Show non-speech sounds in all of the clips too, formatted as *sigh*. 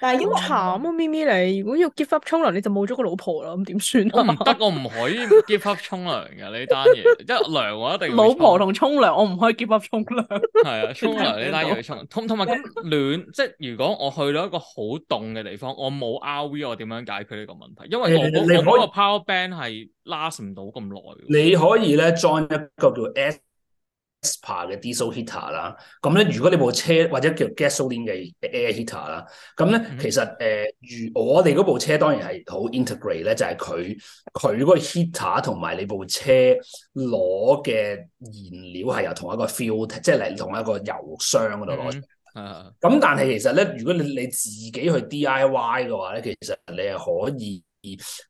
但係好慘啊，咪咪你，如果要 give up 沖涼，你就冇咗個老婆啦，咁點算啊？唔得，我唔可以 give up 沖涼嘅呢單嘢，一涼我一定老婆同沖涼，我唔可以 give up 沖涼。係啊，沖涼呢單嘢沖同同埋咁暖，即係如果我去到一個好凍嘅地方，我冇 RV，我點樣解決呢個問題？因為我我嗰個 power band 係 last 唔到咁耐。你可以咧 join 一個叫 S。Espar 嘅 Diesel Heater 啦，咁咧如果你部車或者叫 Gasoline 嘅 Air Heater 啦，咁咧其實誒、呃，如我哋嗰部車當然係好 integrate 咧，就係佢佢嗰個 Heater 同埋你部車攞嘅燃料係由同一個 Fuel，即係嚟同一個油箱嗰度攞出嚟。咁、嗯啊、但係其實咧，如果你你自己去 DIY 嘅話咧，其實你係可以。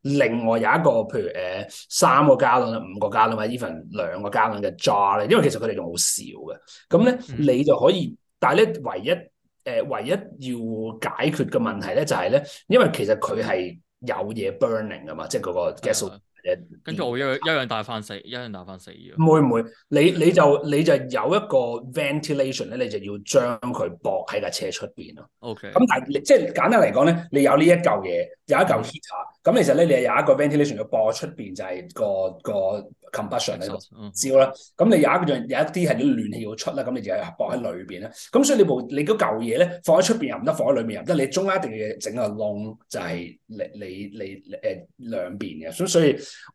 另外有一個，譬如誒三、呃、個加侖啦，五個加侖或 even 兩個加侖嘅 jar 咧，因為其實佢哋仲好少嘅，咁咧、嗯、你就可以，但係咧唯一誒、呃、唯一要解決嘅問題咧就係、是、咧，因為其實佢係有嘢 burning 㗎嘛，嗯、即係嗰個 gasol、嗯。的跟住我一一樣帶翻，翻四，一樣帶翻四嘢。會唔會，你你就你就，你就有一個 ventilation 咧，你就要將佢駁喺架車出邊咯。OK。咁但係即係簡單嚟講咧，你有呢一嚿嘢，有一嚿咁其實咧，你有一個 ventilation 要播出邊、嗰個，就係個個 combustion 呢個燒啦。咁 *music* 你有一樣有一啲係啲暖氣要出啦，咁你就又要播喺裏邊啦。咁所以你部你嗰嚿嘢咧，放喺出邊又唔得，放喺裏面又唔得。你中間一定要整個窿，就係你你你誒、啊、兩邊嘅。所以所以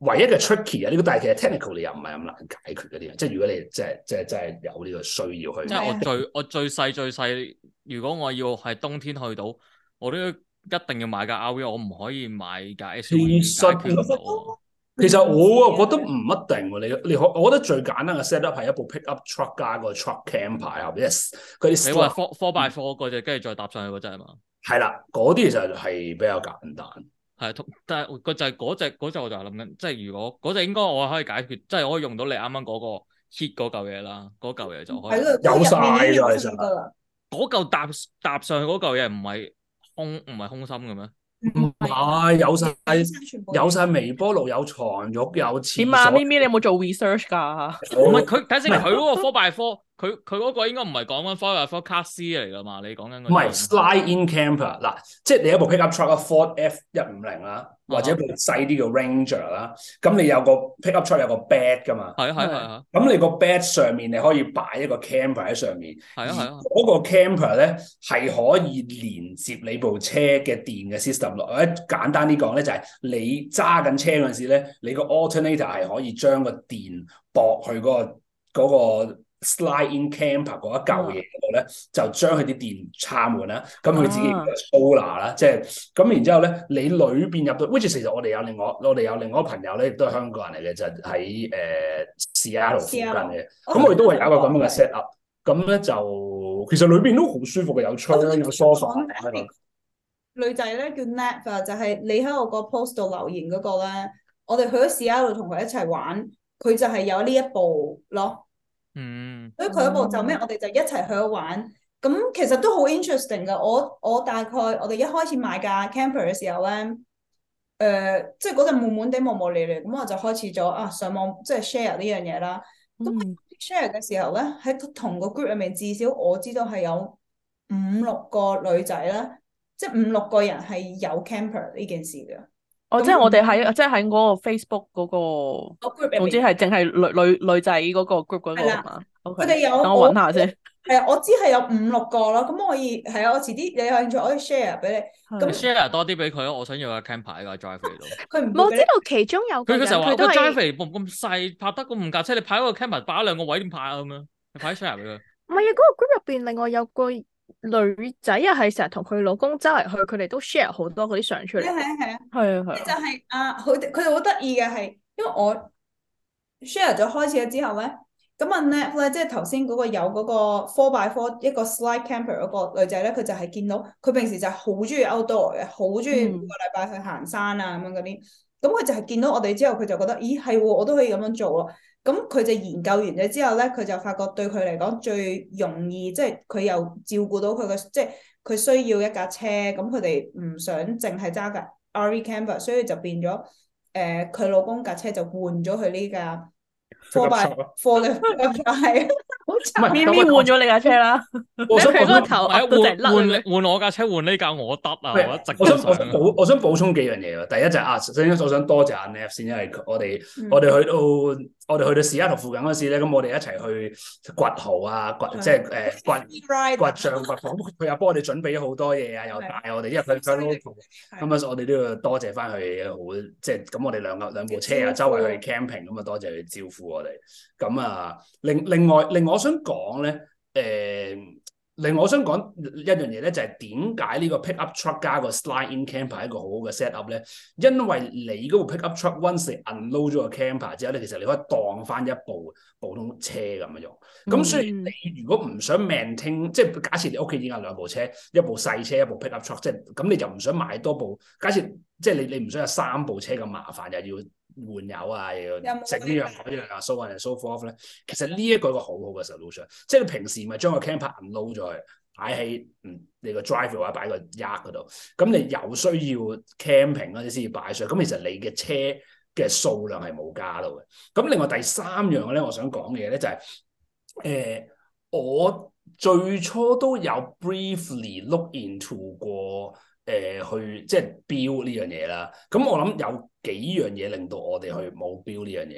唯一嘅 tricky 啊，呢個但係其實 technical 你又唔係咁難解決嗰啲，即係如果你即係即係即係有呢個需要去。 *music* 即係我最我最細最細，如果我要係冬天去到，我都。一定要買架 RV，我唔可以買架 SUV 解決到。其實我啊覺得唔一定，你你可我覺得最簡單嘅 set up 係一部 pickup truck 加個 truck camper 後邊嘅嗰啲。Ruck，你話 four four by four 嗰隻跟住、嗯、再搭上去嗰隻係嘛？係啦，嗰啲就係比較簡單。係，但係佢就係嗰隻隻，隻我就諗緊，即係如果嗰隻應該我可以解決，即係我可以用到你啱啱嗰個 hit 嗰嚿嘢啦，嗰嚿嘢就可以有晒啦。其實嗰嚿搭搭上去嗰嚿嘢唔係。空唔係空心嘅咩？唔係，有晒有晒微波爐，有床褥， *laughs* 有廁所。點啊，咪咪，你有冇做 research 㗎？唔係佢，睇先，佢嗰個科拜科。佢佢嗰個應該唔係講緊 four four 卡斯嚟㗎嘛？你講緊嗰個唔係 slide in camper 嗱，即係你一部 pickup truck 啊，Ford F 一五零啦，150, 或者一部細啲嘅 Ranger 啦、uh，咁、huh. 你有個 pickup truck 有個 bed 㗎嘛？係啊係啊，咁、huh. 你個 bed 上面你可以擺一個 camper 喺上面，係啊、uh，嗰、huh. 個 camper 咧係可以連接你部車嘅電嘅 system 落或者簡單啲講咧，就係你揸緊車嗰陣時咧，你個 alternator 係可以將個電駁去嗰個嗰個。那個 Slide in camper 嗰一嚿嘢度咧，啊、就將佢啲電插滿啦，咁佢自己 cooler 啦，即係咁。然之後咧，你裏邊入到，which 其，其實我哋有另外，我哋有另外一個朋友咧，亦都係香港人嚟嘅，就喺誒 Seattle 附近嘅，咁佢都係有一個咁樣嘅 set up、啊。咁咧就其實裏邊都好舒服嘅，有窗，啊、有梳化、嗯、S, 吧 女仔咧叫 Neva，就係你喺我個 post 度留言嗰個咧，我哋去咗 Seattle 度同佢一齊玩，佢就係有呢一部咯，嗯。所以佢嗰部就咩？我哋就一齊去咗玩。咁、嗯、其實都好 interesting 噶。我我大概我哋一開始買架 camper 嘅時候咧，誒、呃，即係嗰陣悶悶地、無無聊釐無無聊聊咁，我就開始咗啊上網即係 share 呢樣嘢啦。咁 share 嘅時候咧，喺同個 group 入面，至少我知道係有五六個女仔咧，即係五六個人係有 camper 呢件事嘅。哦，這樣 即係我哋喺即係喺嗰個 Facebook 嗰、那個嗰個、個 group，唔知係淨係女女女仔嗰個 group 嗰個嘛？佢哋 Okay, 有等我揾下先，係啊，我知係有五六個咯。咁我可以係啊，我遲啲你有興趣可以 share 俾你。咁的 share 那的多啲俾佢咯。我想要個 camper drive 嚟到。佢唔， *laughs* 我知道其中有佢佢成日話個 drive 咁細拍得咁唔架車，你拍嗰個 camper 擺兩個位點拍啊咁樣？你拍 share 俾佢。唔係啊，嗰個 group 入邊另外有個女仔啊，係成日同佢老公周圍去，佢哋都 share 好多嗰啲相出嚟。係啊係啊，係啊係。就係啊，佢哋佢哋好得意嘅係，因為我 share 咗開始咗之後咧。咁啊，Nep 咧，即係頭先嗰個有嗰個 Four by Four 一個 Slide camper 嗰個女仔咧，佢就係見到佢平時就係好中意 outdoor，好中意每個禮拜去行山啊咁樣嗰啲。咁佢、嗯、就係見到我哋之後，佢就覺得，咦係，我都可以咁樣做啊。咁佢就研究完咗之後咧，佢就發覺對佢嚟講最容易，即係佢又照顧到佢嘅，即係佢需要一架車。咁佢哋唔想淨係揸架 RV camper，所以就變咗誒佢老公架車就換咗佢呢架。貨賣貨嘅，係好慘。差咪咪換咗你架車啦，你佢嗰個頭都就係甩。換換我架想換車，換呢架我得啊。我我想我想補，我想補充幾樣嘢啊。第一就係啊，首先我想多謝阿 Neph 先，因為我哋我哋去到。我哋去到西雅圖附近嗰時咧，咁我哋一齊去掘蠔啊，掘即係誒掘掘象掘蠔，佢又幫我哋準備咗好多嘢啊，又帶我哋，一為去 ope。咁啊，樣我哋都要多謝翻佢好，即係咁我哋兩兩部車啊，周圍去 camping，咁啊多謝佢招呼我哋。咁啊，另另外另外我想講咧，誒、欸。另外我想講一樣嘢咧，就係點解呢個 pickup truck 加個 slide in camper 係一個好好嘅 set up 咧？因為你嗰個 pickup truck once unload 咗個 camper 之後咧，其實你可以當翻一部普通車咁樣用。咁所以你如果唔想 maintain，即係假設你屋企只有兩部車，一部細車，一部 pickup truck，即係咁你就唔想買多部。假設即係你你唔想有三部車咁麻煩，又要。換油啊，要食呢樣嗰啲啊，so and so forth 咧。其實呢一個個好好嘅 solution，即係你平時咪將個 camper load 咗去，擺喺你個 driver 位擺個 yard 嗰度，咁你有需要 camping 嗰啲先至擺上。咁其實你嘅車嘅數量係冇加到嘅。咁另外第三樣咧，我想講嘅嘢咧就係、是，誒、呃，我最初都有 briefly look into 過。誒、呃、去即係 build 呢樣嘢啦，咁、嗯、我諗有幾樣嘢令到我哋去冇 build 呢樣嘢。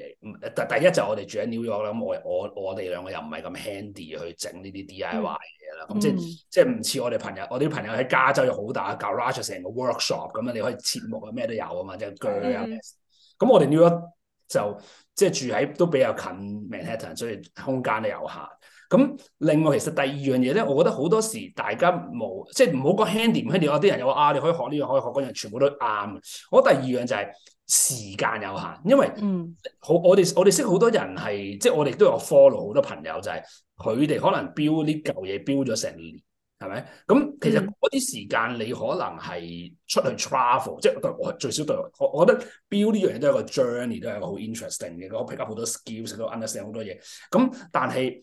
第第一就我哋住喺 New York 啦，咁、嗯、我我我哋兩個又唔係咁 handy 去整呢啲 DIY 嘢啦。咁、嗯、即、嗯、即係唔似我哋朋友，我哋啲朋友喺加州有好大，搞 garage 成個，個 workshop 咁啊，你可以切木啊，咩都有啊嘛，即鋸、嗯、就鋸啊。咁我哋 New York 就即係住喺都比較近 Manhattan，所以空間都有限。咁另外，其實第二樣嘢咧，我覺得好多時大家冇即係冇個 handy，handy 有啲人又話啊，你可以學呢樣，可以學嗰樣，全部都啱。我覺得第二樣就係時間有限，因為、嗯、好我哋我哋識好多人係即係我哋都有 follow 好多朋友，就係佢哋可能 build 呢舊嘢 build 咗成年，係咪？咁其實嗰啲時間你可能係出去 travel，即係我最少對我,我覺得 build 呢樣嘢都係一個 journey，都係一個好 interesting 嘅，我 pick up 好多 skills，都 understand 好多嘢。咁但係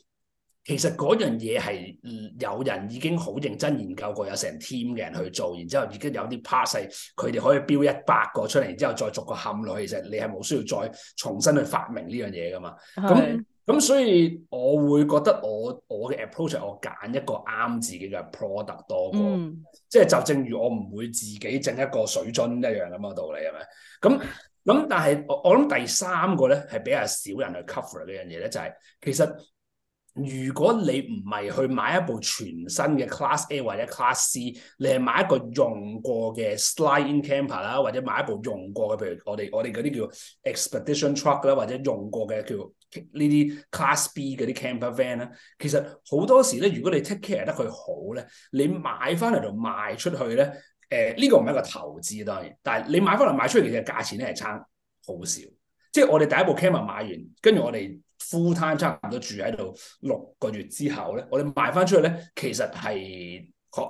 其實嗰樣嘢係有人已經好認真研究過，有成 team 嘅人去做，然之後已經有啲 pass 佢哋可以標一百個出嚟，然之後再逐個陷落去。其實你係冇需要再重新去發明呢樣嘢噶嘛。咁咁是所以我會覺得我我嘅 approach 係我揀一個啱自己嘅 product 多過，嗯、即係就正如我唔會自己整一個水樽一樣咁嘅道理係咪？咁咁但係我我諗第三個咧係比較少人去 cover 嘅樣嘢咧、就是，就係其實。如果你唔係去買一部全新嘅 Class A 或者 Class C，你係買一個用過嘅 slide-in camper 啦，或者買一部用過嘅，譬如我哋我哋嗰啲叫 expedition truck 啦，或者用過嘅叫呢啲 Class B 嗰啲 camper van 咧，其實好多時咧，如果你 take care 得佢好咧，你買翻嚟就賣出去咧，誒，呃，呢個唔係一個投資當然，但係你買翻嚟賣出去其實價錢咧係差好少，即係我哋第一部 camper 買完，跟住我哋。full time 差唔多住喺度六個月之後咧，我哋賣翻出去咧，其實係可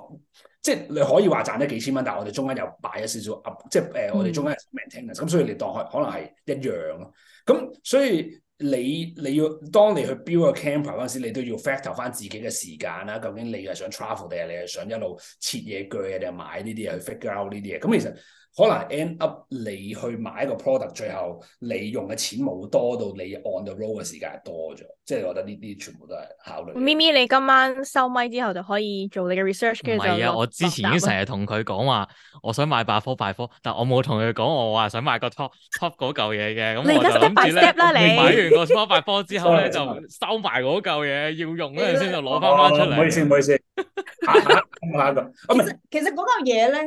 即係你可以話賺得幾千蚊，但係我哋中間又擺咗少少即係誒我哋中間有嘅，咁、呃、maintenance 所以你當可能係一樣咯。咁所以你你要當你去 build a camper 嗰陣時，你都要 factor 翻自己嘅時間啦。究竟你係想 travel 定係你係想一路切嘢據啊定係買呢啲啊去 figure out 呢啲嘢。咁其實。可能 end up 你去買一個 product，最後你用嘅錢冇多到，你 on the road 嘅時間多咗，即係我覺得呢啲全部都係考慮。咪咪，你今晚收咪之後就可以做你嘅 research。唔係啊，我之前已經成日同佢講話，我想買百科百科，但我冇同佢講我話想買個 top top 嗰嚿嘢嘅。咁你而家 step 啦。你買完個 top 百科之後咧 *laughs* 就收埋嗰嚿嘢要用陣，先就攞翻出嚟。唔好意思，唔好意思，下其實嗰嚿嘢咧。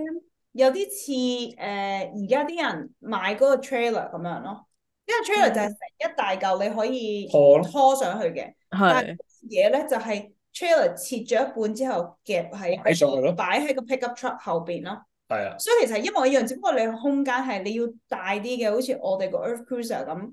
有啲似誒，而家啲人買嗰個 trailer 咁樣咯，因為 trailer 就係一大嚿你可以拖上去嘅。係、嗯。但係嘢咧就係 trailer 切咗一半之後夾喺擺上去面咯，擺喺個 pickup truck 後邊咯。係啊。所以其實係一模一樣，只不過你空間係你要大啲嘅，好似我哋個 earth cruiser 咁。誒、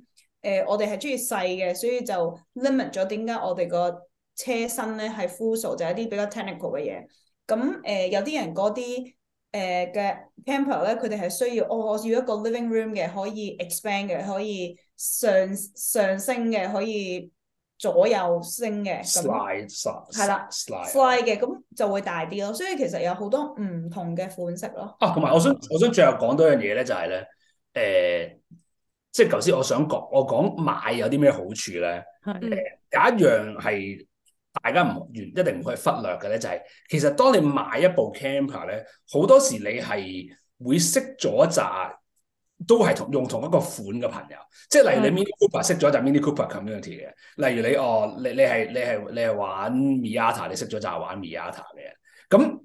呃，我哋係中意細嘅，所以就 limit 咗點解我哋個車身咧係 full size 就係、一、啲比較 technical 嘅嘢。咁誒、呃，有啲人嗰啲。誒嘅 Camper 咧，佢哋係需要，我、哦、我要一個 living room 嘅，可以 expand 嘅，可以上上升嘅，可以左右升嘅，slide slide slide 嘅咁就會大啲咯。所以其實有好多唔同嘅款式咯。啊，同埋我想我想最後講多一樣嘢咧，就係咧，誒，即係頭先我想講，我講買有啲咩好處咧，誒的、呃、有一樣係。大家唔完一定唔可以忽略嘅咧，就係其實當你買一部 camper 咧，好多時你係會識咗一紮都係同用同一個款嘅朋友，即係例如你 mini cooper 識咗一紮 mini cooper community 嘅，例如你哦，你你係你係你係玩 miata，你識咗一紮玩 miata 嘅，咁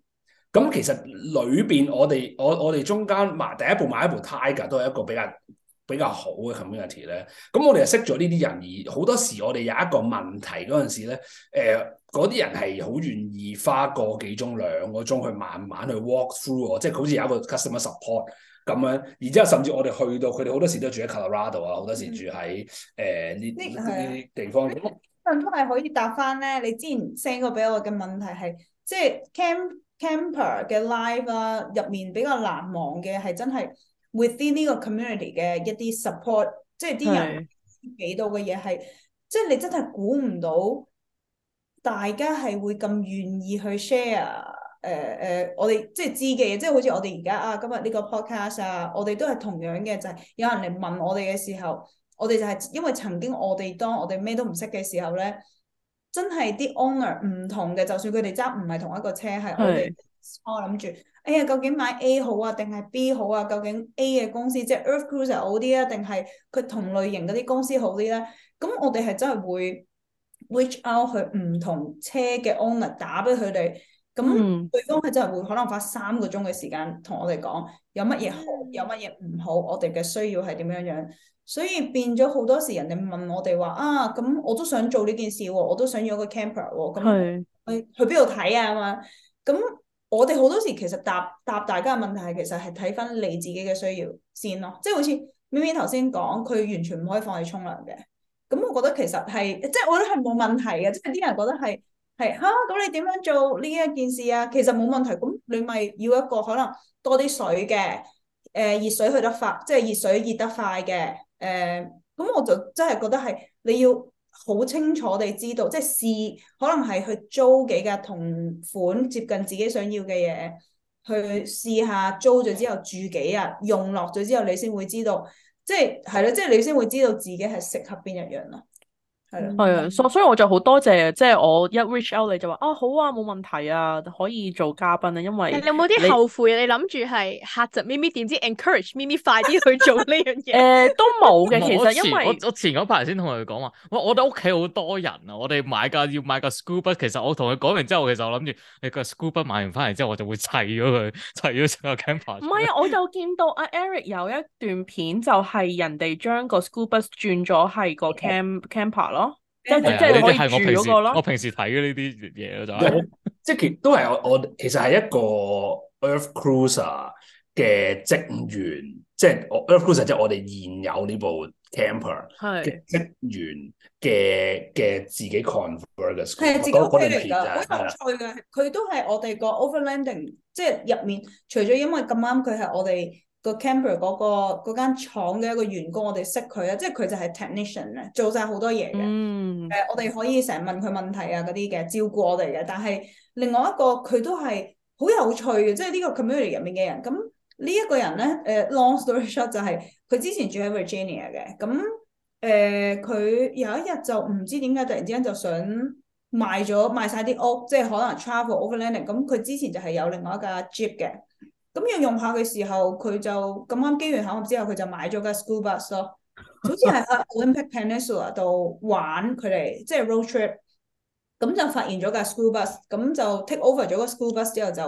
咁其實裏邊我哋我我哋中間買第一步買一部 tiger 都係一個比較。比較好嘅 community 咧、嗯，咁我哋又識咗呢啲人，而好多時我哋有一個問題嗰陣時咧，誒嗰啲人係好願意花個幾鐘兩個鐘去慢慢去 walk through 即係好似有一個 customer support 咁樣。然之後甚至我哋去到佢哋好多時都住喺 Colorado 啊，好多時住喺誒呢啲地方。咁都係可以答翻咧。你之前 send 過俾我嘅問題係，即、就、係、是、camp camper 嘅 live 啦、啊，入面比較難忘嘅係真係。Within 呢個 community 嘅一啲 support，即係啲人俾到嘅嘢係，即係你真係估唔到，大家係會咁願意去 share。誒誒，我哋即係知嘅嘢，即係好似我哋而家啊，今日呢個 podcast 啊，我哋都係同樣嘅，就係、是、有人嚟問我哋嘅時候，我哋就係、是、因為曾經我哋當我哋咩都唔識嘅時候咧，真係啲 owner 唔同嘅，就算佢哋揸唔係同一個車，係我哋。我諗住，哎呀，究竟買 A 好啊，定係 B 好啊？究竟 A 嘅公司即係 Earth Cruiser 好啲啊，定係佢同類型嗰啲公司好啲咧？咁我哋係真係會 reach out 去唔同車嘅 owner 打俾佢哋，咁對方佢真係會可能花三個鐘嘅時間同我哋講有乜嘢好，有乜嘢唔好，我哋嘅需要係點樣樣，所以變咗好多時人哋問我哋話啊，咁我都想做呢件事，啊，我都想要個 camper，咁、啊、去去邊度睇啊嘛，咁。我哋好多時其實答答大家嘅問題，其實係睇翻你自己嘅需要先咯，即係好似咪咪頭先講，佢完全唔可以放棄沖涼嘅。咁我覺得其實係，即係我覺得係冇問題嘅。即係啲人覺得係係吓，咁、啊、你點樣做呢一件事啊？其實冇問題，咁你咪要一個可能多啲水嘅，誒、呃，熱水去得快，即係熱水熱得快嘅，誒、呃，咁我就真係覺得係你要。好清楚地知道，即係試，可能係去租幾架同款接近自己想要嘅嘢，去試下租咗之後住幾日，用落咗之後你先會知道，即係係咯，即係、就是、你先會知道自己係適合邊一樣啦。係啊，係啊，所、嗯、所以我就好多謝，即、就、係、是、我一 reach out 你就話哦，好啊，冇問題啊，可以做嘉賓啊，因為你，你有冇啲後悔？你諗住係吓窒咪咪，點知 encourage 咪咪快啲去做呢樣嘢？誒、 *laughs* 呃，都冇嘅，其實因為我前嗰排先同佢講話，我我哋屋企好多人啊，我哋買架要買架 school b u 其實我同佢講完之後，其實我諗住你個 school bus 買完翻嚟之後，我就會砌咗佢，砌咗成個 camper。唔係啊，我就見到阿 Eric 有一段片就 us, *laughs* 是，就係人哋將個 school bus 轉咗係個 cam camper 咯。啊、即係，即係可以住嗰個咯，我平時睇嘅呢啲嘢就係， *laughs* 即係其實都係我我其實係一個 Earth Cruiser 嘅職員，即、就、係、是、Earth Cruiser 即係我哋現有呢部 camper 嘅職員嘅，嘅是自己 converge，係自己開嚟㗎，好有趣嘅，佢都係我哋個 overlanding 即係入面，除咗因為咁啱佢係我哋。那個 Camper 個嗰間廠嘅一個員工，我哋識佢啊，即係佢就係 technician 咧，做晒好多嘢嘅。嗯。誒，uh, 我哋可以成日問佢問題啊，嗰啲嘅照顧我哋嘅。但係另外一個佢都係好有趣嘅，即係呢個 community 入面嘅人。咁呢一個人咧，誒、呃、long story short 就係、是、佢之前住喺 Virginia 嘅。咁誒，佢、呃、有一日就唔知點解突然之間就想賣咗賣晒啲屋，即係可能 travel overland。咁佢之前就係有另外一架 Jeep 嘅。咁要用下嘅時候，佢就咁啱機緣巧合之後，佢就買咗架 school bus 咯。 *laughs* 好似係喺 Olympic Peninsula 度玩佢哋，即、就、係、是、road trip。咁就發現咗架 school bus，咁就 take over 咗個 school bus 之後就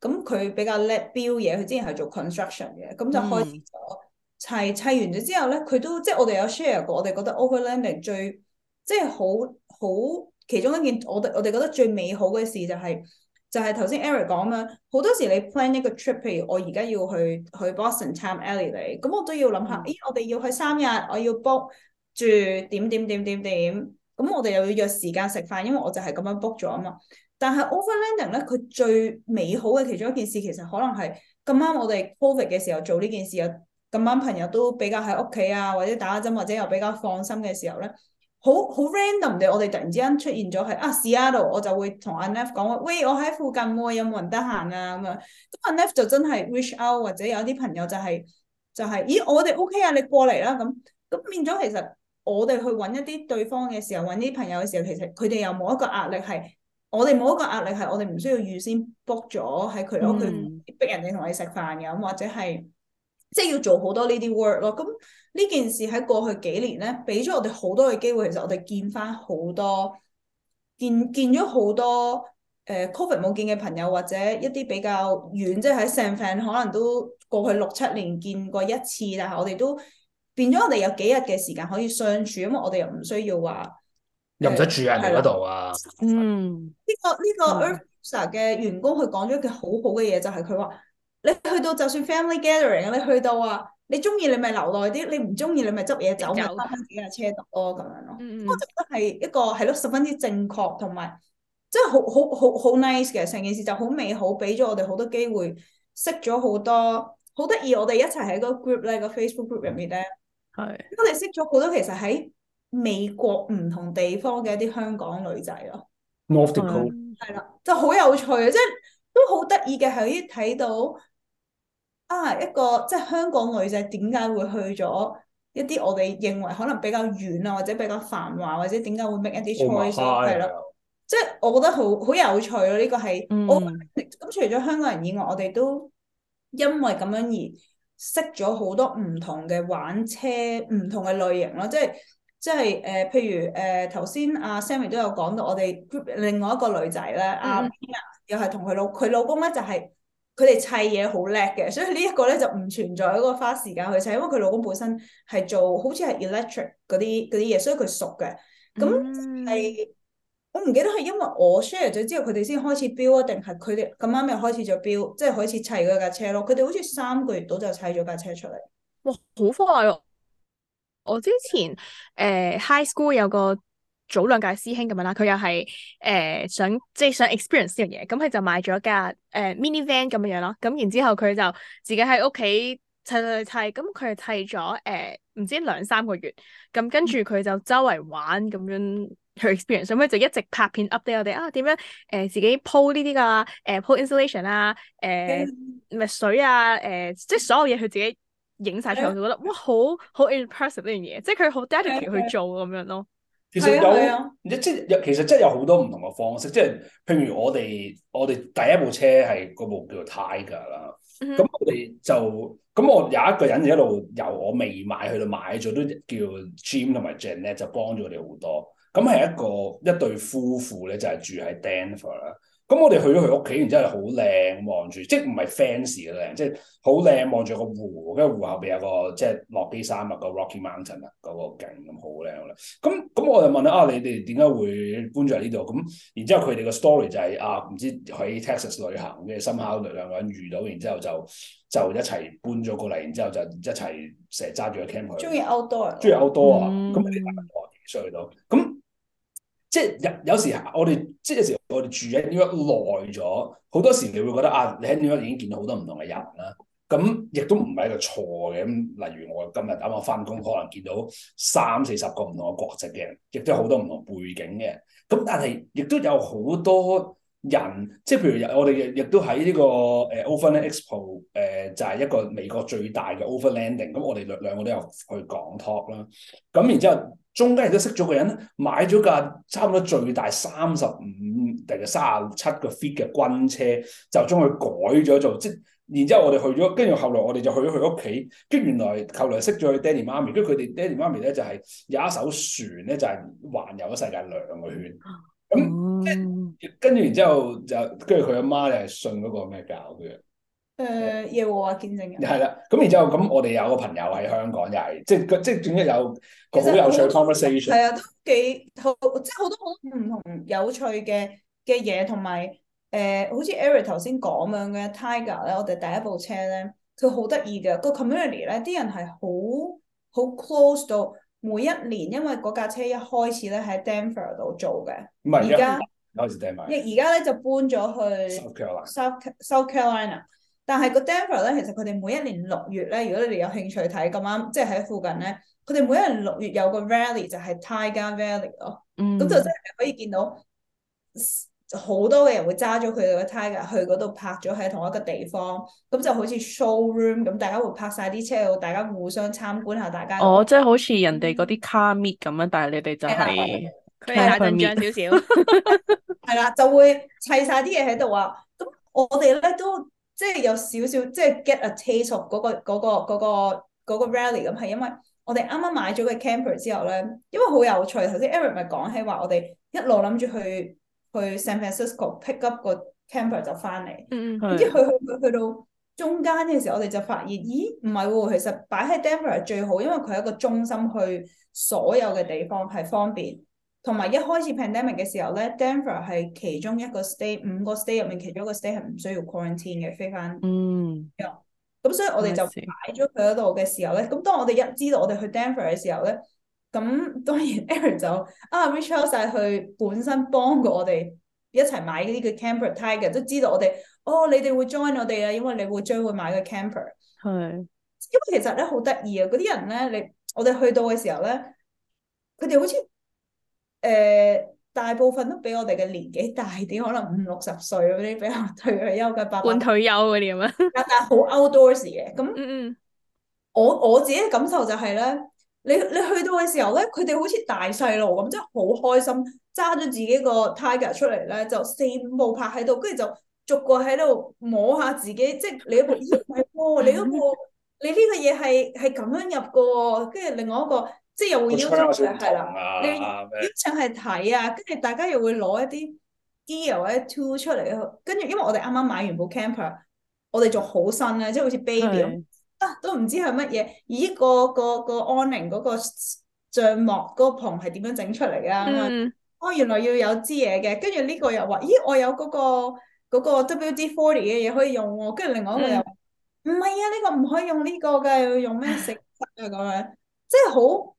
咁。佢比較叻 build 嘢，佢之前係做 construction 嘅，咁就,就,就開始咗砌砌完咗之後咧，佢都即係我哋有 share 過，我哋覺得 overlanding 最即係好好其中一件我，我哋我哋覺得最美好嘅事就係、是。就係頭先 Eric 講啦，好多時你 plan 一個 trip，譬如我而家要去去 Boston 探 Ellie 嚟，咁我都要諗下，咦、嗯哎、我哋要去三日，我要 book 住點點點點點，咁我哋又要約時間食飯，因為我就係咁樣 book 咗啊嘛。但係 overlanding 咧，佢最美好嘅其中一件事，其實可能係咁啱我哋 COVID 嘅時候做呢件事啊，咁啱朋友都比較喺屋企啊，或者打針或者又比較放心嘅時候咧。好好 random 地，我哋突然之間出現咗係啊 Seattle，我就會同阿 Neph 講喂，我喺附近喎，有冇人得閒啊？咁啊，咁阿 Neph 就真係 reach out，或者有啲朋友就係、是、就係、是，咦，我哋 OK 啊，你過嚟啦咁。咁變咗其實我哋去揾一啲對方嘅時候，揾啲朋友嘅時候，其實佢哋又冇一個壓力係，我哋冇一個壓力係，我哋唔需要預先 book 咗喺佢屋企逼人哋同你食飯嘅咁，或者係即係要做好多呢啲 work 咯咁。呢件事喺過去幾年咧，俾咗我哋好多嘅機會。其實我哋見翻好多，見見咗好多誒、呃、Covid 冇見嘅朋友，或者一啲比較遠，即係喺 San Fran 可能都過去六七年見過一次，但係我哋都變咗，我哋有幾日嘅時間可以相處，因為我哋又唔需要話，呃、又唔使住人哋嗰度啊。嗯，呢、嗯這個呢、這個 e 嘅員工佢講咗一句好好嘅嘢，就係佢話你去到就算 family gathering，你去到啊。你中意你咪留耐啲，你唔中意你咪執嘢走，咪翻翻自己架車度咯咁樣咯。我覺得係一個係咯，十分之正確同埋，真係、嗯嗯、好好好好 nice 嘅成件事，就好美好，俾咗我哋好多機會，識咗好多，好得意。我哋一齊喺個 group 咧，個 Facebook group 入面咧，都係識咗好多其實喺美國唔同地方嘅一啲香港女仔咯。North Dakota 係啦，就好有趣啊！即係都好得意嘅，係啲睇到。啊，一個即係香港女仔點解會去咗一啲我哋認為可能比較遠啊，或者比較繁華，或者點解會 make 一啲 choice？h 咯？即係我覺得好好有趣咯、啊！呢、呢個係咁、mm. 除咗香港人以外，我哋都因為咁樣而識咗好多唔同嘅玩車唔同嘅類型咯、啊。即係即係誒，譬如誒頭、呃、先阿 Sammy 都有講到，我哋另外一個女仔咧，阿、mm. 啊、又係同佢老佢老公咧就係、是，佢哋砌嘢好叻嘅，所以呢一個咧就唔存在一個花時間去砌，因為佢老公本身係做，好似係 electric 嗰啲啲嘢，所以佢熟嘅。咁係、就是、我唔記得係因為我 share 咗之後，佢哋先開始 build 啊，定係佢哋咁啱又開始咗 build，即係開始砌嗰架車咯。佢哋好似三個月度就砌咗架車出嚟。哇！好快哦！我之前誒、呃、high school 有個早兩屆師兄咁樣啦，佢又係誒想即係想 experience 呢樣嘢，咁佢就買咗一架誒、呃、minivan 咁樣樣咯，咁然之後佢就自己喺屋企砌嚟砌，咁佢砌咗誒唔知兩三個月，咁跟住佢就周圍玩咁樣去 experience，咁佢就一直拍片 update 我哋啊點樣誒、呃、自己鋪呢啲嘅誒鋪 insulation 啦誒咪水啊誒、呃、即係所有嘢佢自己影晒出嚟， *laughs* 我覺得哇好好 impressive 呢樣嘢，即係佢好 dedicated 去做咁樣咯。其實有即係， *music* 其實真係有好多唔同嘅方式，即係譬如我哋我哋第一部車係嗰部叫做 Tiger 啦，咁 *music* 我哋就咁我有一個人一路由我未買去到買咗，都叫 Jim 同埋 Jan 咧就幫咗我哋好多。咁係一個一對夫婦咧就係住喺 Denver 啦。咁我哋去咗佢屋企，然之後好靚，望住即係唔係 fancy 嘅靚，即係好靚望住個湖，跟住湖後邊有個即係落基山啊，個 Rocky Mountain 啊，嗰個勁咁好靚啦。咁咁我就問啦，啊你哋點解會搬咗嚟呢度？咁然之後佢哋個 story 就係啊，唔知喺 Texas 旅行嘅，深秋兩個人遇到，然之後就就一齊搬咗過嚟，然之後就一齊成日揸住個 camp 嚟。中意 outdoor 中意 outdoor 咁你廿幾歲都咁。即係有有時，我哋即係有時我，我哋住喺呢度耐咗，好多時你會覺得啊，你喺呢度已經見到好多唔同嘅人啦。咁亦都唔係一個錯嘅。咁例如我今日打我翻工，可能見到三四十個唔同嘅國籍嘅人，亦都好多唔同背景嘅。咁但係亦都有好多。人即係譬如，我哋亦亦都喺呢個誒 Overland Expo 就係、是、一個美國最大嘅 Overlanding、嗯。咁我哋兩兩個都有去講 talk 啦。咁、嗯、然之後，中間亦都識咗個人，買咗架差唔多最大三十五定係三十七個 fit 嘅軍車，就將佢改咗做即然之後我哋去咗，跟住後，後來我哋就去咗佢屋企。跟住原來，來媽媽後來識咗佢爹哋媽咪，跟住佢哋爹哋媽咪咧就係有一艘船咧，就係環遊咗世界兩個圈。嗯咁、嗯嗯、跟住，然之後就跟住佢阿媽就係信嗰個咩教嘅？誒、呃，耶和華，見證人。係啦，咁然之後咁，我哋有，有個朋友喺香港，又係即係即係總之有個好有趣 conversation。係啊，都幾好，即係好多好多唔同有趣嘅嘅嘢，同埋誒，好似、呃、Eric 頭先講咁嘅 Tiger 咧，我哋第一部車咧，佢好得意嘅個 community 咧，啲人係好好 close 到。每一年，因為嗰架車一開始咧喺 Denver 度做嘅，唔係而家開始 d e 而家咧就搬咗去 South Carolina。South South Carolina，但係個 Denver 咧，其實佢哋每一年六月咧，如果你哋有興趣睇，咁啱即係喺附近咧，佢哋每一年六月有個 rally 就係 Tiger Valley 咯，咁、mm hmm. 就真係可以見到。好多嘅人會揸咗佢哋嘅車嘅，去嗰度拍咗喺同一個地方，咁就好似 showroom 咁，大家會拍晒啲車到，大家互相參觀下，大家哦，咁樣。哦，即係好似人哋嗰啲卡 car meet 咁樣！但係你哋就係 camp meet 少少，係啦，就會砌晒啲嘢喺度啊！咁我哋咧都即係有少少即係 get a taste of 嗰個嗰個嗰個 rally 咁，係因為我哋啱啱買咗個 camper 之後咧，因為好有趣，頭先 Eric 咪講起話，我哋一路諗住去。去 San Francisco pick up 個 camper 就翻嚟，唔知去去去去到中間嘅時候，我哋就發現，咦唔係喎，其實擺喺 Denver 最好，因為佢係一個中心去所有嘅地方係方便，同埋一開始 pandemic 嘅時候咧，Denver 係其中一個 stay 五個 stay 入面其中一個 stay 係唔需要 quarantine 嘅，飛翻嗯，咁所以我哋就擺咗佢喺度嘅時候咧，咁當我哋一知道我哋去 Denver 嘅時候咧。咁當然 Eric 就，啊 Richard 曬佢本身幫過我哋一齊買嗰啲嘅 camper，tiger 嘅都知道我哋哦，你哋會 join 我哋啊？因為你會將會買個 camper。係是。因為其實咧好得意啊，嗰啲人咧，你我哋去到嘅時候咧，佢哋好似誒、呃、大部分都比我哋嘅年紀大啲，可能五六十歲嗰啲比較退休嘅，半退休嗰啲咁樣。 *laughs* 但係好 outdoors 嘅，咁嗯嗯，我我自己嘅感受就係咧。你你去到嘅時候咧，佢哋好似大細路咁，即係好開心，揸咗自己個 tiger 出嚟咧，就四五步泊喺度，跟住就逐個喺度摸下自己，即係你嗰部，部， *laughs* 部，你嗰部，你呢個嘢係係咁樣入嘅，跟住另外一個即係又會邀請係啦， *music* 你邀請係睇啊，跟住大家又會攞一啲 gear 咧 two 出嚟，跟住因為我哋啱啱買完部 camper，我哋仲好新咧，即係好似 baby 咁。 *music* *music* 啊、都唔知係乜嘢？咦，嗰個、嗰個、嗰個安寧嗰個帳幕嗰個棚係點樣整出嚟噶？哦、mm. 啊，原來要有支嘢嘅。跟住呢個又話，咦，我有嗰、嗰個嗰、嗰個 WD40 嘅嘢可以用喎、啊。跟住另外一個又唔係、mm. 啊，呢、呢個唔可以用呢個噶，要用咩食刷啊？咁樣即係好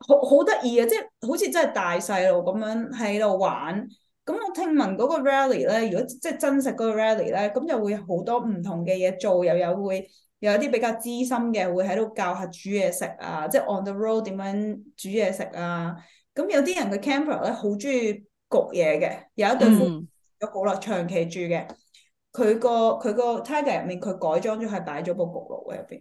好好得意嘅，即係好似真係大細路咁樣喺度玩。咁我聽聞嗰個 rally 咧，如果即係真實嗰個 rally 咧，咁就會好多唔同嘅嘢做又，又有會。有啲比較資深嘅會喺度教下煮嘢食，食啊，即係 on the road 點樣煮嘢食啊。咁有啲人嘅 camper 咧好中意焗嘢嘅，有一對有焗爐長期住嘅。佢、那個佢個 tiger 入面佢改裝咗，係擺咗部焗爐喺入邊。